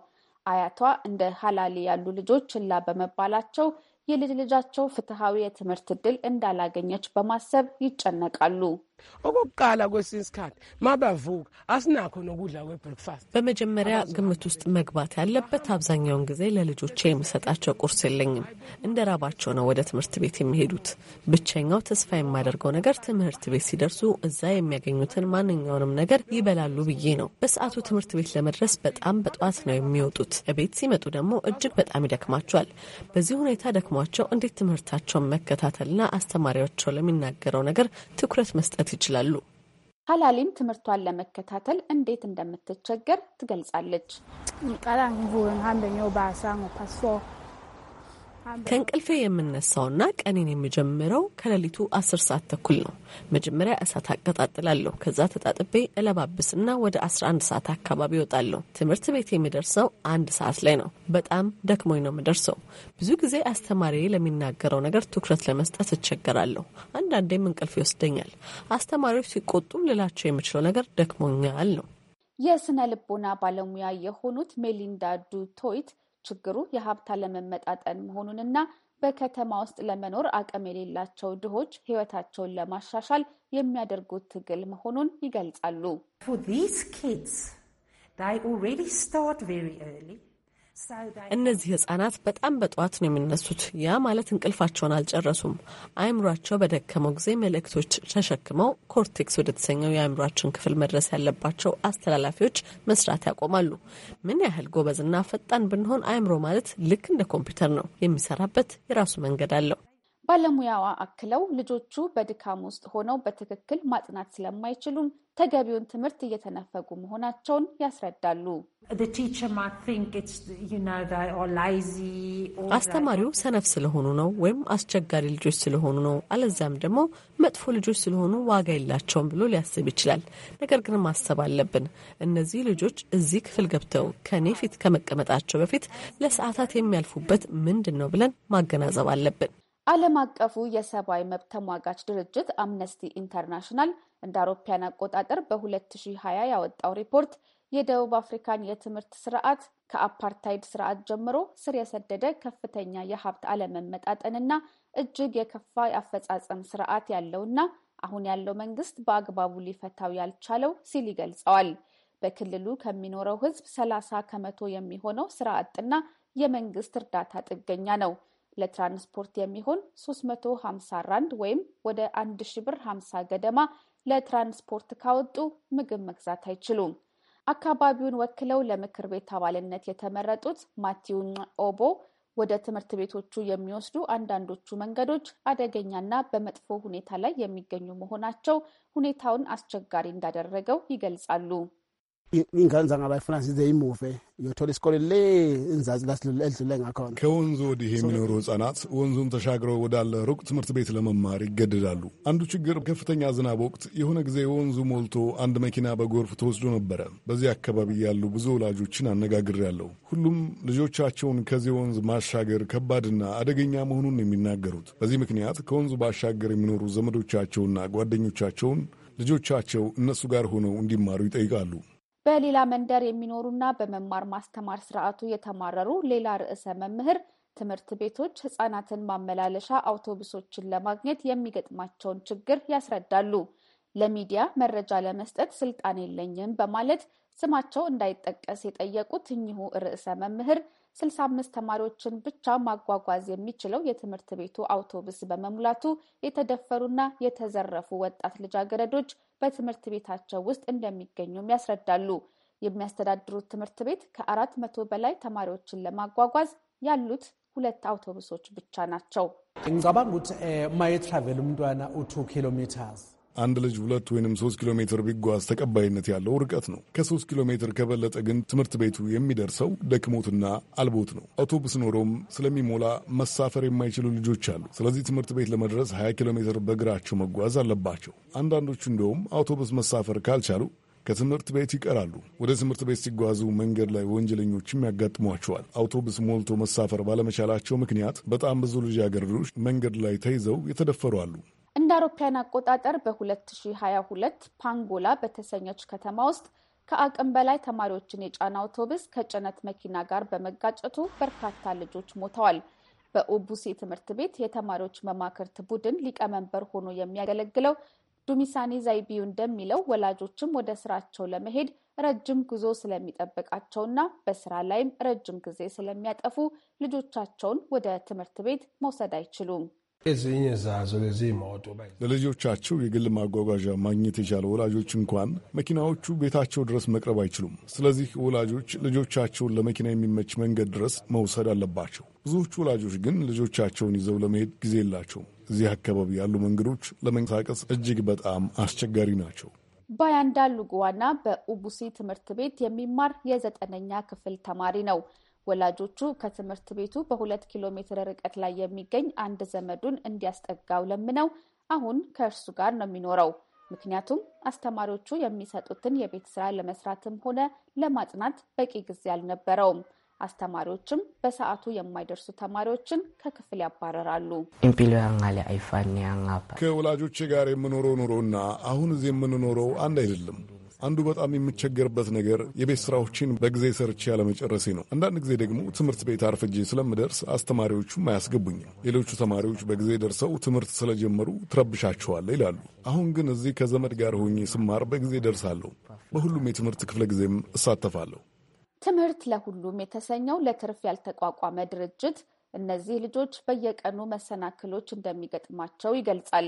Speaker 7: አያቷ እንደ ሀላሊ ያሉ ልጆች ችላ በመባላቸው የልጅ ልጃቸው ፍትሐዊ የትምህርት ዕድል እንዳላገኘች በማሰብ ይጨነቃሉ። okokuqala kwesinye isikhathi
Speaker 8: mabavuka asinakho nokudla kwe-breakfast በመጀመሪያ ግምት ውስጥ መግባት ያለበት አብዛኛውን ጊዜ ለልጆቼ የምሰጣቸው ቁርስ የለኝም። እንደ ራባቸው ነው ወደ ትምህርት ቤት የሚሄዱት። ብቸኛው ተስፋ የማደርገው ነገር ትምህርት ቤት ሲደርሱ እዛ የሚያገኙትን ማንኛውንም ነገር ይበላሉ ብዬ ነው። በሰዓቱ ትምህርት ቤት ለመድረስ በጣም በጠዋት ነው የሚወጡት። ቤት ሲመጡ ደግሞ እጅግ በጣም ይደክማቸዋል። በዚህ ሁኔታ ደክሟቸው እንዴት ትምህርታቸውን መከታተልና አስተማሪያቸው ለሚናገረው ነገር ትኩረት መስጠት ማካተት ይችላሉ?
Speaker 7: ሀላሊም ትምህርቷን ለመከታተል እንዴት እንደምትቸገር ትገልጻለች። ከእንቅልፌ
Speaker 8: የምነሳውና ቀኔን የምጀምረው ከሌሊቱ አስር ሰዓት ተኩል ነው። መጀመሪያ እሳት አቀጣጥላለሁ። ከዛ ተጣጥቤ እለባብስና ወደ አስራ አንድ ሰዓት አካባቢ እወጣለሁ። ትምህርት ቤት የሚደርሰው አንድ ሰዓት ላይ ነው። በጣም ደክሞኝ ነው የምደርሰው። ብዙ ጊዜ አስተማሪ ለሚናገረው ነገር ትኩረት ለመስጠት እቸገራለሁ። አንዳንዴም እንቅልፍ ይወስደኛል። አስተማሪዎች ሲቆጡ ልላቸው የምችለው ነገር ደክሞኛል ነው።
Speaker 7: የስነ ልቦና ባለሙያ የሆኑት ሜሊንዳ ዱ ቶይት ችግሩ የሀብት አለመመጣጠን መሆኑንና በከተማ ውስጥ ለመኖር አቅም የሌላቸው ድሆች ህይወታቸውን ለማሻሻል የሚያደርጉት ትግል መሆኑን ይገልጻሉ።
Speaker 8: እነዚህ ህጻናት በጣም በጠዋት ነው የሚነሱት። ያ ማለት እንቅልፋቸውን አልጨረሱም። አእምሯቸው በደከመው ጊዜ መልእክቶች ተሸክመው ኮርቴክስ ወደተሰኘው የአእምሯችን ክፍል መድረስ ያለባቸው አስተላላፊዎች መስራት ያቆማሉ። ምን ያህል ጎበዝና ፈጣን ብንሆን አእምሮ ማለት ልክ እንደ ኮምፒውተር ነው፣ የሚሰራበት የራሱ መንገድ አለው።
Speaker 7: ባለሙያዋ አክለው ልጆቹ በድካም ውስጥ ሆነው በትክክል ማጥናት ስለማይችሉም ተገቢውን ትምህርት እየተነፈጉ መሆናቸውን ያስረዳሉ። አስተማሪው
Speaker 8: ሰነፍ ስለሆኑ ነው ወይም አስቸጋሪ ልጆች ስለሆኑ ነው፣ አለዚያም ደግሞ መጥፎ ልጆች ስለሆኑ ዋጋ የላቸውም ብሎ ሊያስብ ይችላል። ነገር ግን ማሰብ አለብን። እነዚህ ልጆች እዚህ ክፍል ገብተው ከእኔ ፊት ከመቀመጣቸው በፊት ለሰዓታት የሚያልፉበት ምንድን ነው ብለን ማገናዘብ አለብን።
Speaker 7: ዓለም አቀፉ የሰብአዊ መብት ተሟጋች ድርጅት አምነስቲ ኢንተርናሽናል እንደ አውሮፓያን አቆጣጠር በ2020 ያወጣው ሪፖርት የደቡብ አፍሪካን የትምህርት ስርዓት ከአፓርታይድ ስርዓት ጀምሮ ስር የሰደደ ከፍተኛ የሀብት አለመመጣጠንና እጅግ የከፋ የአፈጻጸም ስርዓት ያለውና አሁን ያለው መንግስት በአግባቡ ሊፈታው ያልቻለው ሲል ይገልጸዋል። በክልሉ ከሚኖረው ህዝብ 30 ከመቶ የሚሆነው ስራ አጥና የመንግስት እርዳታ ጥገኛ ነው። ለትራንስፖርት የሚሆን 350 ራንድ ወይም ወደ 1 ሺ ብር 50 ገደማ ለትራንስፖርት ካወጡ ምግብ መግዛት አይችሉም። አካባቢውን ወክለው ለምክር ቤት አባልነት የተመረጡት ማቲውን ኦቦ ወደ ትምህርት ቤቶቹ የሚወስዱ አንዳንዶቹ መንገዶች አደገኛና በመጥፎ ሁኔታ ላይ የሚገኙ መሆናቸው ሁኔታውን አስቸጋሪ እንዳደረገው ይገልጻሉ።
Speaker 1: iy'ngane zangabafana zizey'muve
Speaker 2: uyothola isikole le inzazi ngakhona ከወንዙ
Speaker 1: ወዲህ የሚኖሩ ህጻናት ወንዙን ተሻግረው ወዳለ ሩቅ ትምህርት ቤት ለመማር ይገደዳሉ። አንዱ ችግር ከፍተኛ ዝናብ ወቅት የሆነ ጊዜ ወንዙ ሞልቶ አንድ መኪና በጎርፍ ተወስዶ ነበረ። በዚህ አካባቢ ያሉ ብዙ ወላጆችን አነጋግሬያለሁ። ሁሉም ልጆቻቸውን ከዚህ ወንዝ ማሻገር ከባድና አደገኛ መሆኑን የሚናገሩት በዚህ ምክንያት ከወንዙ ባሻገር የሚኖሩ ዘመዶቻቸውና ጓደኞቻቸውን ልጆቻቸው እነሱ ጋር ሆነው እንዲማሩ ይጠይቃሉ።
Speaker 7: በሌላ መንደር የሚኖሩና በመማር ማስተማር ስርዓቱ የተማረሩ ሌላ ርዕሰ መምህር ትምህርት ቤቶች ህጻናትን ማመላለሻ አውቶቡሶችን ለማግኘት የሚገጥማቸውን ችግር ያስረዳሉ። ለሚዲያ መረጃ ለመስጠት ስልጣን የለኝም በማለት ስማቸው እንዳይጠቀስ የጠየቁት እኚሁ ርዕሰ መምህር ስልሳ አምስት ተማሪዎችን ብቻ ማጓጓዝ የሚችለው የትምህርት ቤቱ አውቶቡስ በመሙላቱ የተደፈሩና የተዘረፉ ወጣት ልጃገረዶች በትምህርት ቤታቸው ውስጥ እንደሚገኙም ያስረዳሉ። የሚያስተዳድሩት ትምህርት ቤት ከአራት መቶ በላይ ተማሪዎችን ለማጓጓዝ ያሉት ሁለት አውቶቡሶች ብቻ ናቸው።
Speaker 1: አንድ ልጅ ሁለት ወይም ሶስት ኪሎ ሜትር ቢጓዝ ተቀባይነት ያለው ርቀት ነው። ከሶስት ኪሎ ሜትር ከበለጠ ግን ትምህርት ቤቱ የሚደርሰው ደክሞትና አልቦት ነው። አውቶቡስ ኖሮም ስለሚሞላ መሳፈር የማይችሉ ልጆች አሉ። ስለዚህ ትምህርት ቤት ለመድረስ 20 ኪሎ ሜትር በእግራቸው መጓዝ አለባቸው። አንዳንዶቹ እንደውም አውቶቡስ መሳፈር ካልቻሉ ከትምህርት ቤት ይቀራሉ። ወደ ትምህርት ቤት ሲጓዙ መንገድ ላይ ወንጀለኞችም ያጋጥሟቸዋል። አውቶቡስ ሞልቶ መሳፈር ባለመቻላቸው ምክንያት በጣም ብዙ ልጃገረዶች መንገድ ላይ ተይዘው የተደፈሩ አሉ።
Speaker 7: እንደ አውሮፓያን አቆጣጠር በ2022 ፓንጎላ በተሰኘች ከተማ ውስጥ ከአቅም በላይ ተማሪዎችን የጫነ አውቶቡስ ከጭነት መኪና ጋር በመጋጨቱ በርካታ ልጆች ሞተዋል። በኦቡሴ ትምህርት ቤት የተማሪዎች መማክርት ቡድን ሊቀመንበር ሆኖ የሚያገለግለው ዱሚሳኔ ዛይቢዩ እንደሚለው ወላጆችም ወደ ስራቸው ለመሄድ ረጅም ጉዞ ስለሚጠብቃቸውና በስራ ላይም ረጅም ጊዜ ስለሚያጠፉ ልጆቻቸውን ወደ ትምህርት ቤት መውሰድ አይችሉም።
Speaker 1: ለልጆቻቸው የግል ማጓጓዣ ማግኘት የቻለ ወላጆች እንኳን መኪናዎቹ ቤታቸው ድረስ መቅረብ አይችሉም። ስለዚህ ወላጆች ልጆቻቸውን ለመኪና የሚመች መንገድ ድረስ መውሰድ አለባቸው። ብዙዎቹ ወላጆች ግን ልጆቻቸውን ይዘው ለመሄድ ጊዜ የላቸውም። እዚህ አካባቢ ያሉ መንገዶች ለመንቀሳቀስ እጅግ በጣም አስቸጋሪ ናቸው።
Speaker 7: ባያንዳሉ ጉዋና በኡቡሲ ትምህርት ቤት የሚማር የዘጠነኛ ክፍል ተማሪ ነው። ወላጆቹ ከትምህርት ቤቱ በሁለት ኪሎ ሜትር ርቀት ላይ የሚገኝ አንድ ዘመዱን እንዲያስጠጋው ለምነው አሁን ከእርሱ ጋር ነው የሚኖረው። ምክንያቱም አስተማሪዎቹ የሚሰጡትን የቤት ስራ ለመስራትም ሆነ ለማጥናት በቂ ጊዜ አልነበረውም። አስተማሪዎችም በሰዓቱ የማይደርሱ ተማሪዎችን ከክፍል ያባረራሉ።
Speaker 1: ከወላጆቼ ጋር የምኖረው ኑሮና አሁን እዚህ የምንኖረው አንድ አይደለም። አንዱ በጣም የምቸገርበት ነገር የቤት ስራዎችን በጊዜ ሰርቼ ያለመጨረሴ ነው። አንዳንድ ጊዜ ደግሞ ትምህርት ቤት አርፍጄ ስለምደርስ አስተማሪዎቹም አያስገቡኝም። ሌሎቹ ተማሪዎች በጊዜ ደርሰው ትምህርት ስለጀመሩ ትረብሻቸዋለ ይላሉ። አሁን ግን እዚህ ከዘመድ ጋር ሆኜ ስማር በጊዜ ደርሳለሁ። በሁሉም የትምህርት ክፍለ ጊዜም እሳተፋለሁ።
Speaker 7: ትምህርት ለሁሉም የተሰኘው ለትርፍ ያልተቋቋመ ድርጅት እነዚህ ልጆች በየቀኑ መሰናክሎች እንደሚገጥማቸው ይገልጻል።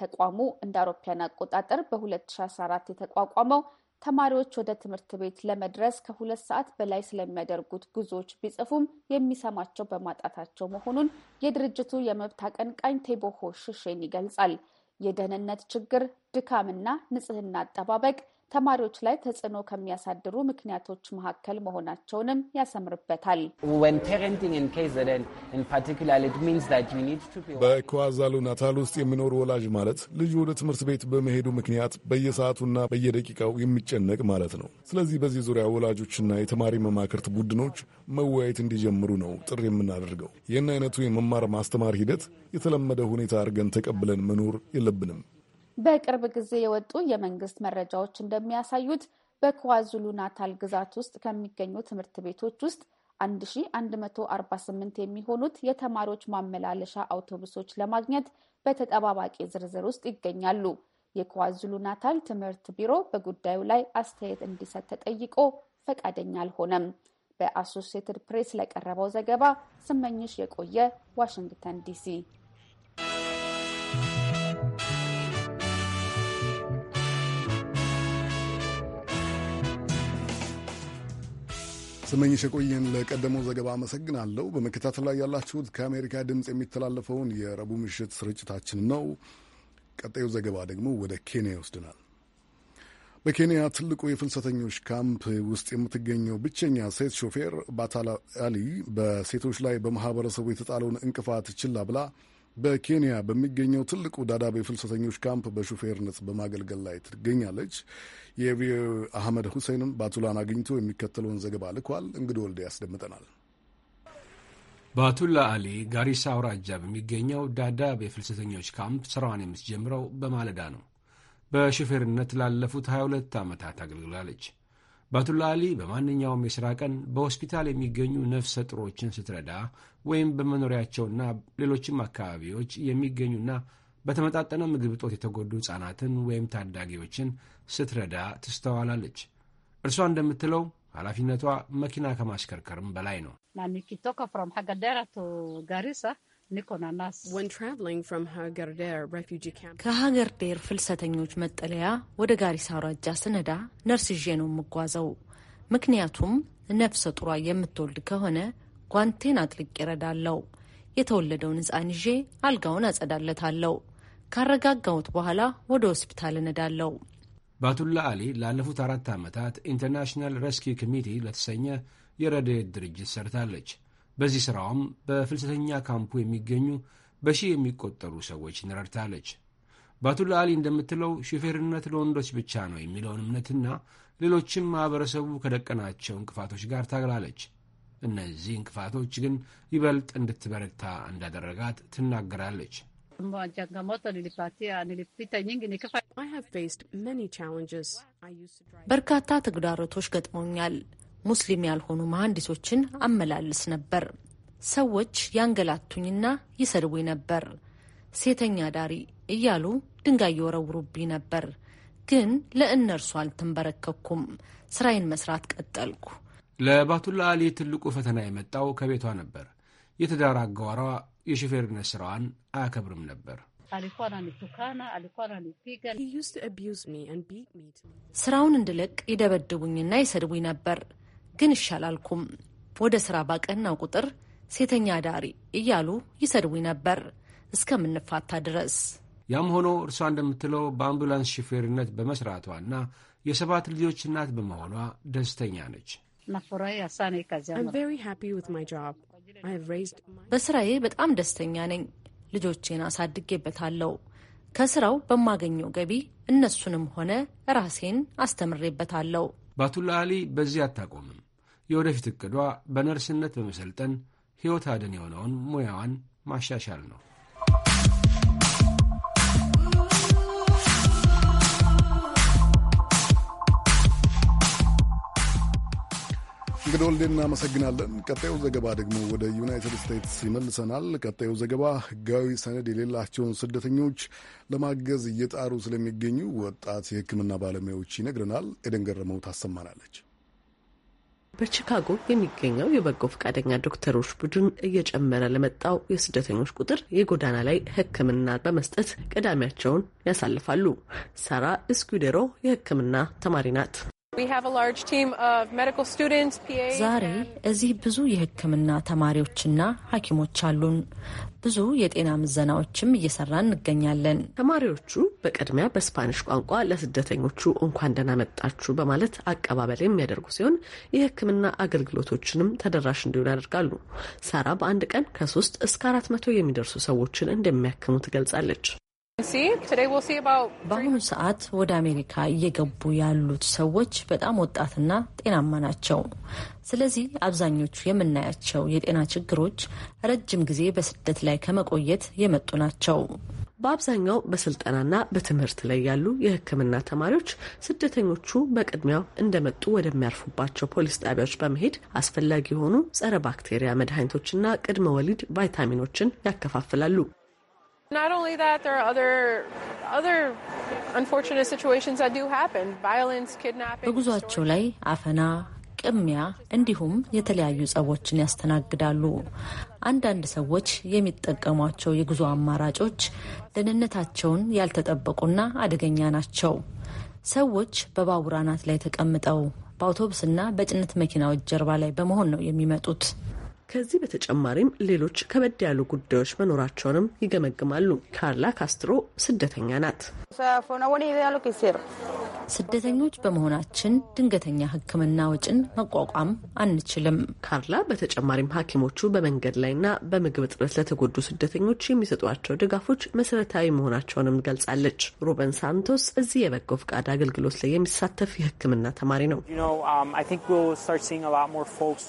Speaker 7: ተቋሙ እንደ አውሮፓውያን አቆጣጠር በ2014 የተቋቋመው ተማሪዎች ወደ ትምህርት ቤት ለመድረስ ከሁለት ሰዓት በላይ ስለሚያደርጉት ጉዞዎች ቢጽፉም የሚሰማቸው በማጣታቸው መሆኑን የድርጅቱ የመብት አቀንቃኝ ቴቦሆ ሽሼን ይገልጻል። የደህንነት ችግር፣ ድካምና ንጽህና አጠባበቅ ተማሪዎች ላይ ተጽዕኖ ከሚያሳድሩ ምክንያቶች መካከል መሆናቸውንም ያሰምርበታል።
Speaker 12: በኳዛሉ
Speaker 1: ናታል ውስጥ የሚኖር ወላጅ ማለት ልጁ ወደ ትምህርት ቤት በመሄዱ ምክንያት በየሰዓቱና በየደቂቃው የሚጨነቅ ማለት ነው። ስለዚህ በዚህ ዙሪያ ወላጆችና የተማሪ መማክርት ቡድኖች መወያየት እንዲጀምሩ ነው ጥሪ የምናደርገው። ይህን አይነቱ የመማር ማስተማር ሂደት የተለመደ ሁኔታ አድርገን ተቀብለን መኖር የለብንም።
Speaker 7: በቅርብ ጊዜ የወጡ የመንግስት መረጃዎች እንደሚያሳዩት በኳዙሉ ናታል ግዛት ውስጥ ከሚገኙ ትምህርት ቤቶች ውስጥ 1148 የሚሆኑት የተማሪዎች ማመላለሻ አውቶቡሶች ለማግኘት በተጠባባቂ ዝርዝር ውስጥ ይገኛሉ። የኳዙሉ ናታል ትምህርት ቢሮ በጉዳዩ ላይ አስተያየት እንዲሰጥ ተጠይቆ ፈቃደኛ አልሆነም። በአሶሲየትድ ፕሬስ ለቀረበው ዘገባ ስመኝሽ የቆየ ዋሽንግተን ዲሲ።
Speaker 1: ስመኝሽ የቆየን ለቀደመው ዘገባ አመሰግናለሁ። በመከታተል ላይ ያላችሁት ከአሜሪካ ድምፅ የሚተላለፈውን የረቡዕ ምሽት ስርጭታችን ነው። ቀጣዩ ዘገባ ደግሞ ወደ ኬንያ ይወስድናል። በኬንያ ትልቁ የፍልሰተኞች ካምፕ ውስጥ የምትገኘው ብቸኛ ሴት ሾፌር ባታላ አሊ በሴቶች ላይ በማህበረሰቡ የተጣለውን እንቅፋት ችላ ብላ በኬንያ በሚገኘው ትልቁ ዳዳቤ የፍልሰተኞች ካምፕ በሹፌርነት በማገልገል ላይ ትገኛለች። የቪኦኤ አህመድ ሁሴንም ባቱላን አግኝቶ የሚከተለውን ዘገባ ልኳል። እንግዲህ ወልደ ያስደምጠናል።
Speaker 4: ባቱላ አሊ ጋሪሳ አውራጃ በሚገኘው ዳዳብ የፍልሰተኞች ካምፕ ስራዋን የምትጀምረው በማለዳ ነው። በሹፌርነት ላለፉት 22 ዓመታት አገልግላለች። ባቱላ አሊ በማንኛውም የሥራ ቀን በሆስፒታል የሚገኙ ነፍሰ ጥሮችን ስትረዳ ወይም በመኖሪያቸውና ሌሎችም አካባቢዎች የሚገኙና በተመጣጠነ ምግብ እጦት የተጎዱ ሕፃናትን ወይም ታዳጊዎችን ስትረዳ ትስተዋላለች። እርሷ እንደምትለው ኃላፊነቷ መኪና ከማሽከርከርም በላይ ነው።
Speaker 16: ከሀገር ዴር ፍልሰተኞች መጠለያ ወደ ጋሪሳ አውራጃ ስነዳ ነርስ ይዤ ነው የምጓዘው። ምክንያቱም ነፍሰ ጡሯ የምትወልድ ከሆነ ጓንቴን አጥልቅ ይረዳለው። የተወለደውን ሕፃን ይዤ አልጋውን አጸዳለታለው ካረጋጋሁት በኋላ ወደ ሆስፒታል እንዳለው።
Speaker 4: ባቱላ አሊ ላለፉት አራት ዓመታት ኢንተርናሽናል ሬስኪው ኮሚቴ ለተሰኘ የረድኤት ድርጅት ሰርታለች። በዚህ ሥራውም በፍልሰተኛ ካምፑ የሚገኙ በሺህ የሚቆጠሩ ሰዎችን ረድታለች። ባቱላ አሊ እንደምትለው ሹፌርነት ለወንዶች ብቻ ነው የሚለውን እምነትና ሌሎችም ማኅበረሰቡ ከደቀናቸው እንቅፋቶች ጋር ታግላለች። እነዚህ እንቅፋቶች ግን ይበልጥ እንድትበረታ እንዳደረጋት ትናገራለች።
Speaker 16: በርካታ ተግዳሮቶች ገጥሞኛል። ሙስሊም ያልሆኑ መሐንዲሶችን አመላልስ ነበር። ሰዎች ያንገላቱኝና ይሰድቡኝ ነበር። ሴተኛ ዳሪ እያሉ ድንጋይ የወረውሩብኝ ነበር። ግን ለእነርሱ አልተንበረከኩም። ስራዬን መስራት ቀጠልኩ።
Speaker 4: ለባቱላ አሊ ትልቁ ፈተና የመጣው ከቤቷ ነበር። የትዳር አጋሯ የሾፌርነት ስራዋን አያከብርም ነበር።
Speaker 16: ስራውን እንድለቅ ይደበድቡኝና ይሰድቡኝ ነበር። ግን ይሻላልኩም። ወደ ስራ ባቀናው ቁጥር ሴተኛ ዳሪ እያሉ ይሰድቡኝ ነበር እስከምንፋታ ድረስ።
Speaker 4: ያም ሆኖ እርሷ እንደምትለው በአምቡላንስ ሹፌርነት በመስራቷና የሰባት ልጆች እናት በመሆኗ ደስተኛ ነች።
Speaker 16: በስራዬ በጣም ደስተኛ ነኝ። ልጆቼን አሳድጌበታለሁ። ከስራው በማገኘው ገቢ እነሱንም ሆነ ራሴን አስተምሬበታለሁ።
Speaker 4: ባቱላ አሊ በዚህ አታቆምም። የወደፊት እቅዷ በነርስነት በመሰልጠን ሕይወት አድን የሆነውን ሙያዋን ማሻሻል ነው።
Speaker 1: እንግዲህ ወልዴ እናመሰግናለን። ቀጣዩ ዘገባ ደግሞ ወደ ዩናይትድ ስቴትስ ይመልሰናል። ቀጣዩ ዘገባ ህጋዊ ሰነድ የሌላቸውን ስደተኞች ለማገዝ እየጣሩ ስለሚገኙ ወጣት የሕክምና ባለሙያዎች ይነግረናል። ኤደን ገረመው ታሰማናለች።
Speaker 8: በቺካጎ የሚገኘው የበጎ ፈቃደኛ ዶክተሮች ቡድን እየጨመረ ለመጣው የስደተኞች ቁጥር የጎዳና ላይ ሕክምና በመስጠት ቀዳሚያቸውን ያሳልፋሉ። ሳራ እስኩዴሮ የሕክምና ተማሪ ናት።
Speaker 3: ዛሬ
Speaker 16: እዚህ ብዙ የሕክምና ተማሪዎችና ሐኪሞች አሉን። ብዙ የጤና ምዘናዎችም እየሰራ
Speaker 8: እንገኛለን። ተማሪዎቹ በቅድሚያ በስፓኒሽ ቋንቋ ለስደተኞቹ እንኳን ደህና መጣችሁ በማለት አቀባበል የሚያደርጉ ሲሆን የህክምና አገልግሎቶችንም ተደራሽ እንዲሆኑ ያደርጋሉ። ሳራ በአንድ ቀን ከሶስት እስከ አራት መቶ የሚደርሱ ሰዎችን እንደሚያክሙ ትገልጻለች።
Speaker 16: በአሁኑ ሰዓት ወደ አሜሪካ እየገቡ ያሉት ሰዎች በጣም ወጣትና ጤናማ ናቸው። ስለዚህ አብዛኞቹ የምናያቸው
Speaker 8: የጤና ችግሮች ረጅም ጊዜ በስደት ላይ ከመቆየት የመጡ ናቸው። በአብዛኛው በስልጠናና በትምህርት ላይ ያሉ የሕክምና ተማሪዎች ስደተኞቹ በቅድሚያው እንደመጡ ወደሚያርፉባቸው ፖሊስ ጣቢያዎች በመሄድ አስፈላጊ የሆኑ ጸረ ባክቴሪያ መድኃኒቶችና ቅድመ ወሊድ ቫይታሚኖችን ያከፋፍላሉ።
Speaker 3: Not only that, there are other other unfortunate situations that do happen. Violence,
Speaker 16: kidnapping. በጉዟቸው ላይ አፈና ቅሚያ እንዲሁም የተለያዩ ጸቦችን ያስተናግዳሉ። አንዳንድ ሰዎች የሚጠቀሟቸው የጉዞ አማራጮች ደህንነታቸውን ያልተጠበቁና አደገኛ ናቸው። ሰዎች በባቡር አናት ላይ ተቀምጠው በአውቶቡስና በጭነት መኪናዎች ጀርባ ላይ በመሆን ነው የሚመጡት።
Speaker 8: ከዚህ በተጨማሪም ሌሎች ከበድ ያሉ ጉዳዮች መኖራቸውንም ይገመግማሉ። ካርላ ካስትሮ ስደተኛ ናት።
Speaker 16: ስደተኞች በመሆናችን
Speaker 8: ድንገተኛ ሕክምና ወጪን መቋቋም አንችልም። ካርላ በተጨማሪም ሐኪሞቹ በመንገድ ላይና በምግብ እጥረት ለተጎዱ ስደተኞች የሚሰጧቸው ድጋፎች መሰረታዊ መሆናቸውንም ገልጻለች። ሩበን ሳንቶስ እዚህ የበጎ ፈቃድ አገልግሎት ላይ የሚሳተፍ
Speaker 1: የሕክምና ተማሪ ነው።
Speaker 12: um, um,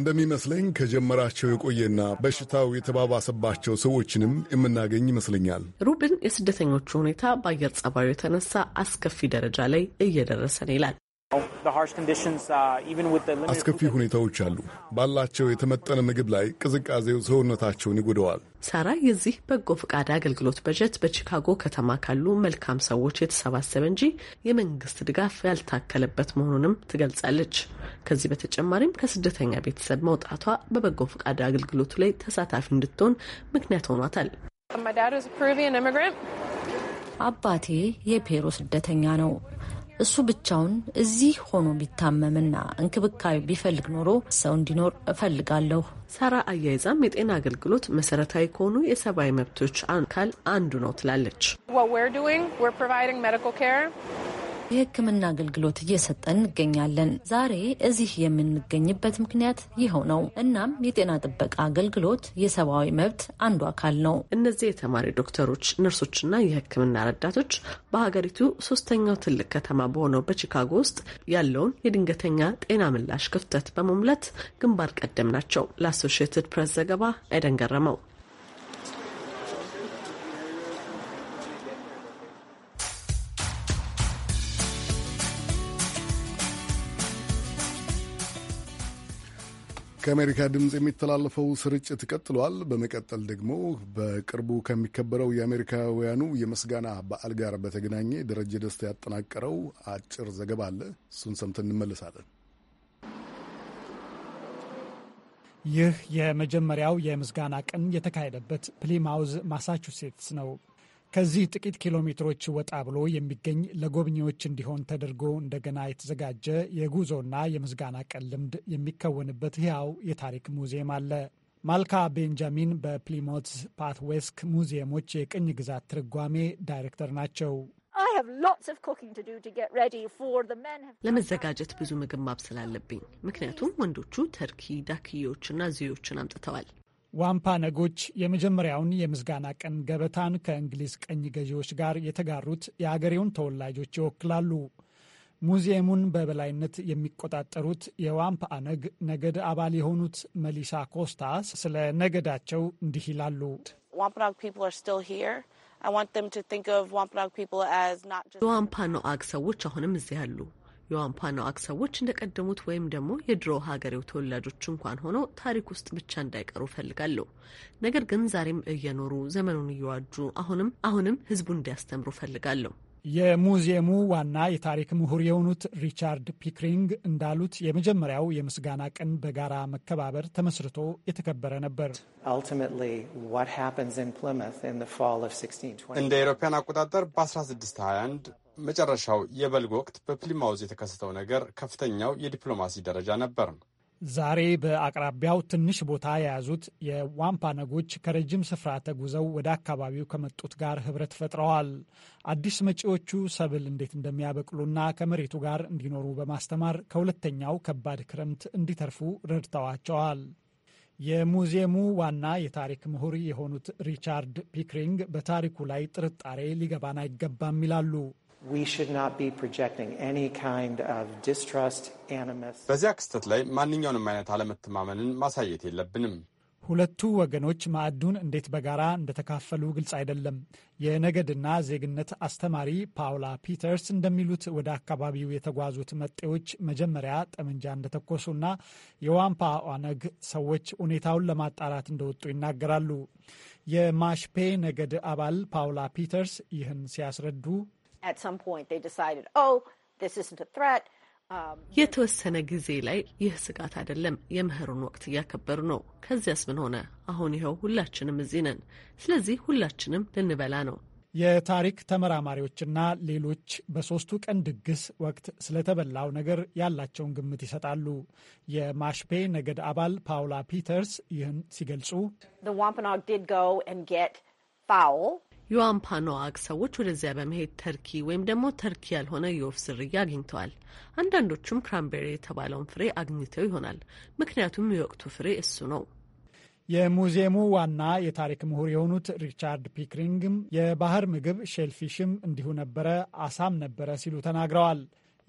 Speaker 1: እንደሚመስለኝ ከጀ ከጀመራቸው የቆየና በሽታው የተባባሰባቸው ሰዎችንም የምናገኝ ይመስለኛል።
Speaker 8: ሩብን የስደተኞቹ ሁኔታ በአየር ጸባዩ የተነሳ አስከፊ ደረጃ ላይ እየደረሰን ይላል።
Speaker 1: Uh, አስከፊ ሁኔታዎች አሉ። ባላቸው የተመጠነ ምግብ ላይ ቅዝቃዜው ሰውነታቸውን ይጎደዋል። ሳራ የዚህ በጎ ፈቃድ አገልግሎት በጀት
Speaker 8: በቺካጎ ከተማ ካሉ መልካም ሰዎች የተሰባሰበ እንጂ የመንግስት ድጋፍ ያልታከለበት መሆኑንም ትገልጻለች። ከዚህ በተጨማሪም ከስደተኛ ቤተሰብ መውጣቷ በበጎ ፈቃድ አገልግሎቱ ላይ ተሳታፊ እንድትሆን ምክንያት ሆኗታል። አባቴ የፔሮ ስደተኛ ነው። እሱ ብቻውን እዚህ ሆኖ ቢታመምና እንክብካቤ ቢፈልግ ኖሮ ሰው እንዲኖር እፈልጋለሁ። ሳራ አያይዛም የጤና አገልግሎት መሰረታዊ ከሆኑ የሰብአዊ መብቶች አካል አንዱ ነው ትላለች። የሕክምና አገልግሎት
Speaker 16: እየሰጠ እንገኛለን። ዛሬ እዚህ የምንገኝበት ምክንያት ይኸው ነው። እናም የጤና
Speaker 8: ጥበቃ አገልግሎት የሰብአዊ መብት አንዱ አካል ነው። እነዚህ የተማሪ ዶክተሮች፣ ነርሶችና የሕክምና ረዳቶች በሀገሪቱ ሶስተኛው ትልቅ ከተማ በሆነው በቺካጎ ውስጥ ያለውን የድንገተኛ ጤና ምላሽ ክፍተት በመሙላት ግንባር ቀደም ናቸው። ለአሶሺየትድ ፕሬስ ዘገባ አይደን ገረመው።
Speaker 1: ከአሜሪካ ድምፅ የሚተላለፈው ስርጭት ቀጥሏል። በመቀጠል ደግሞ በቅርቡ ከሚከበረው የአሜሪካውያኑ የምስጋና በዓል ጋር በተገናኘ ደረጀ ደስታ ያጠናቀረው አጭር ዘገባ አለ። እሱን ሰምተን እንመለሳለን።
Speaker 6: ይህ የመጀመሪያው የምስጋና ቀን የተካሄደበት ፕሊማውዝ ማሳቹሴትስ ነው። ከዚህ ጥቂት ኪሎ ሜትሮች ወጣ ብሎ የሚገኝ ለጎብኚዎች እንዲሆን ተደርጎ እንደገና የተዘጋጀ የጉዞና የምስጋና ቀን ልምድ የሚከወንበት ሕያው የታሪክ ሙዚየም አለ። ማልካ ቤንጃሚን በፕሊሞት ፓትዌስክ ሙዚየሞች የቅኝ ግዛት ትርጓሜ ዳይሬክተር ናቸው።
Speaker 8: ለመዘጋጀት ብዙ ምግብ ማብሰል አለብኝ፣ ምክንያቱም ወንዶቹ ተርኪ፣ ዳክዬዎችና ዚዮዎችን አምጥተዋል።
Speaker 6: ዋምፓ ነጎች የመጀመሪያውን የምስጋና ቀን ገበታን ከእንግሊዝ ቀኝ ገዢዎች ጋር የተጋሩት የአገሬውን ተወላጆች ይወክላሉ። ሙዚየሙን በበላይነት የሚቆጣጠሩት ነግ ነገድ አባል የሆኑት መሊሳ ኮስታ ስለ ነገዳቸው እንዲህ ይላሉ። የዋምፓኖአግ ሰዎች አሁንም እዚህ አሉ።
Speaker 8: የዋምፓናዋክ ሰዎች እንደቀደሙት ወይም ደግሞ የድሮ ሀገሬው ተወላጆች እንኳን ሆነው ታሪክ ውስጥ ብቻ እንዳይቀሩ ፈልጋለሁ ነገር ግን ዛሬም እየኖሩ ዘመኑን እየዋጁ አሁንም
Speaker 6: አሁንም ህዝቡ እንዲያስተምሩ ፈልጋለሁ። የሙዚየሙ ዋና የታሪክ ምሁር የሆኑት ሪቻርድ ፒክሪንግ እንዳሉት የመጀመሪያው የምስጋና ቀን በጋራ መከባበር ተመስርቶ የተከበረ ነበር። እንደ
Speaker 15: አውሮፓውያን አቆጣጠር በ1621 መጨረሻው የበልግ ወቅት በፕሊማውዝ የተከሰተው ነገር ከፍተኛው የዲፕሎማሲ ደረጃ ነበር።
Speaker 6: ዛሬ በአቅራቢያው ትንሽ ቦታ የያዙት የዋምፓነጎች ከረጅም ስፍራ ተጉዘው ወደ አካባቢው ከመጡት ጋር ህብረት ፈጥረዋል። አዲስ መጪዎቹ ሰብል እንዴት እንደሚያበቅሉና ከመሬቱ ጋር እንዲኖሩ በማስተማር ከሁለተኛው ከባድ ክረምት እንዲተርፉ ረድተዋቸዋል። የሙዚየሙ ዋና የታሪክ ምሁር የሆኑት ሪቻርድ ፒክሪንግ በታሪኩ ላይ ጥርጣሬ ሊገባን አይገባም ይላሉ።
Speaker 15: በዚያ ክስተት ላይ ማንኛውንም አይነት አለመተማመንን ማሳየት የለብንም።
Speaker 6: ሁለቱ ወገኖች ማዕዱን እንዴት በጋራ እንደተካፈሉ ግልጽ አይደለም። የነገድና ዜግነት አስተማሪ ፓውላ ፒተርስ እንደሚሉት ወደ አካባቢው የተጓዙት መጤዎች መጀመሪያ ጠመንጃ እንደተኮሱና የዋምፓ ኦነግ ሰዎች ሁኔታውን ለማጣራት እንደወጡ ይናገራሉ። የማሽፔ ነገድ አባል ፓውላ ፒተርስ ይህን ሲያስረዱ
Speaker 16: Oh,
Speaker 8: um, የተወሰነ ጊዜ ላይ ይህ ስጋት አይደለም፣ የምህሩን ወቅት እያከበሩ ነው። ከዚያስ ምን ሆነ? አሁን ይኸው ሁላችንም እዚህ ነን። ስለዚህ ሁላችንም ልንበላ ነው።
Speaker 6: የታሪክ ተመራማሪዎችና ሌሎች በሶስቱ ቀን ድግስ ወቅት ስለተበላው ነገር ያላቸውን ግምት ይሰጣሉ። የማሽፔ ነገድ አባል ፓውላ ፒተርስ ይህን ሲገልጹ የዋምፓኖአግ
Speaker 8: ሰዎች ወደዚያ በመሄድ ተርኪ ወይም ደግሞ ተርኪ ያልሆነ የወፍ ዝርያ አግኝተዋል። አንዳንዶቹም ክራምቤሪ የተባለውን ፍሬ አግኝተው ይሆናል። ምክንያቱም የወቅቱ ፍሬ እሱ ነው።
Speaker 6: የሙዚየሙ ዋና የታሪክ ምሁር የሆኑት ሪቻርድ ፒክሪንግም የባህር ምግብ ሼልፊሽም እንዲሁ ነበረ፣ አሳም ነበረ ሲሉ ተናግረዋል።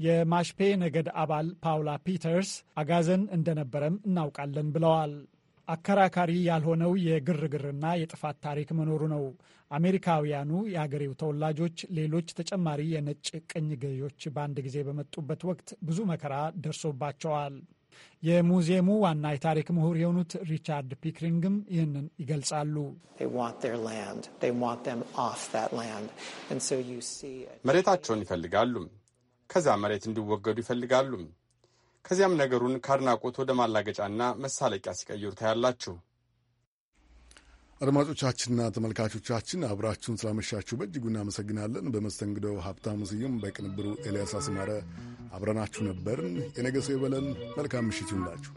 Speaker 6: የማሽፔ ነገድ አባል ፓውላ ፒተርስ አጋዘን እንደነበረም እናውቃለን ብለዋል። አከራካሪ ያልሆነው የግርግርና የጥፋት ታሪክ መኖሩ ነው። አሜሪካውያኑ የአገሬው ተወላጆች ሌሎች ተጨማሪ የነጭ ቅኝ ገዢዎች በአንድ ጊዜ በመጡበት ወቅት ብዙ መከራ ደርሶባቸዋል። የሙዚየሙ ዋና የታሪክ ምሁር የሆኑት ሪቻርድ ፒክሪንግም ይህንን ይገልጻሉ።
Speaker 15: መሬታቸውን ይፈልጋሉ። ከዛ መሬት እንዲወገዱ ይፈልጋሉ። ከዚያም ነገሩን ከአድናቆት ወደ ማላገጫና መሳለቂያ ሲቀይሩ ታያላችሁ።
Speaker 1: አድማጮቻችንና ተመልካቾቻችን አብራችሁን ስላመሻችሁ በእጅጉ እናመሰግናለን። በመስተንግዶው ሀብታሙ ስዩም፣ በቅንብሩ ኤልያስ አስማረ አብረናችሁ ነበርን። የነገ ሰው ይበለን። መልካም ምሽት ይሁንላችሁ።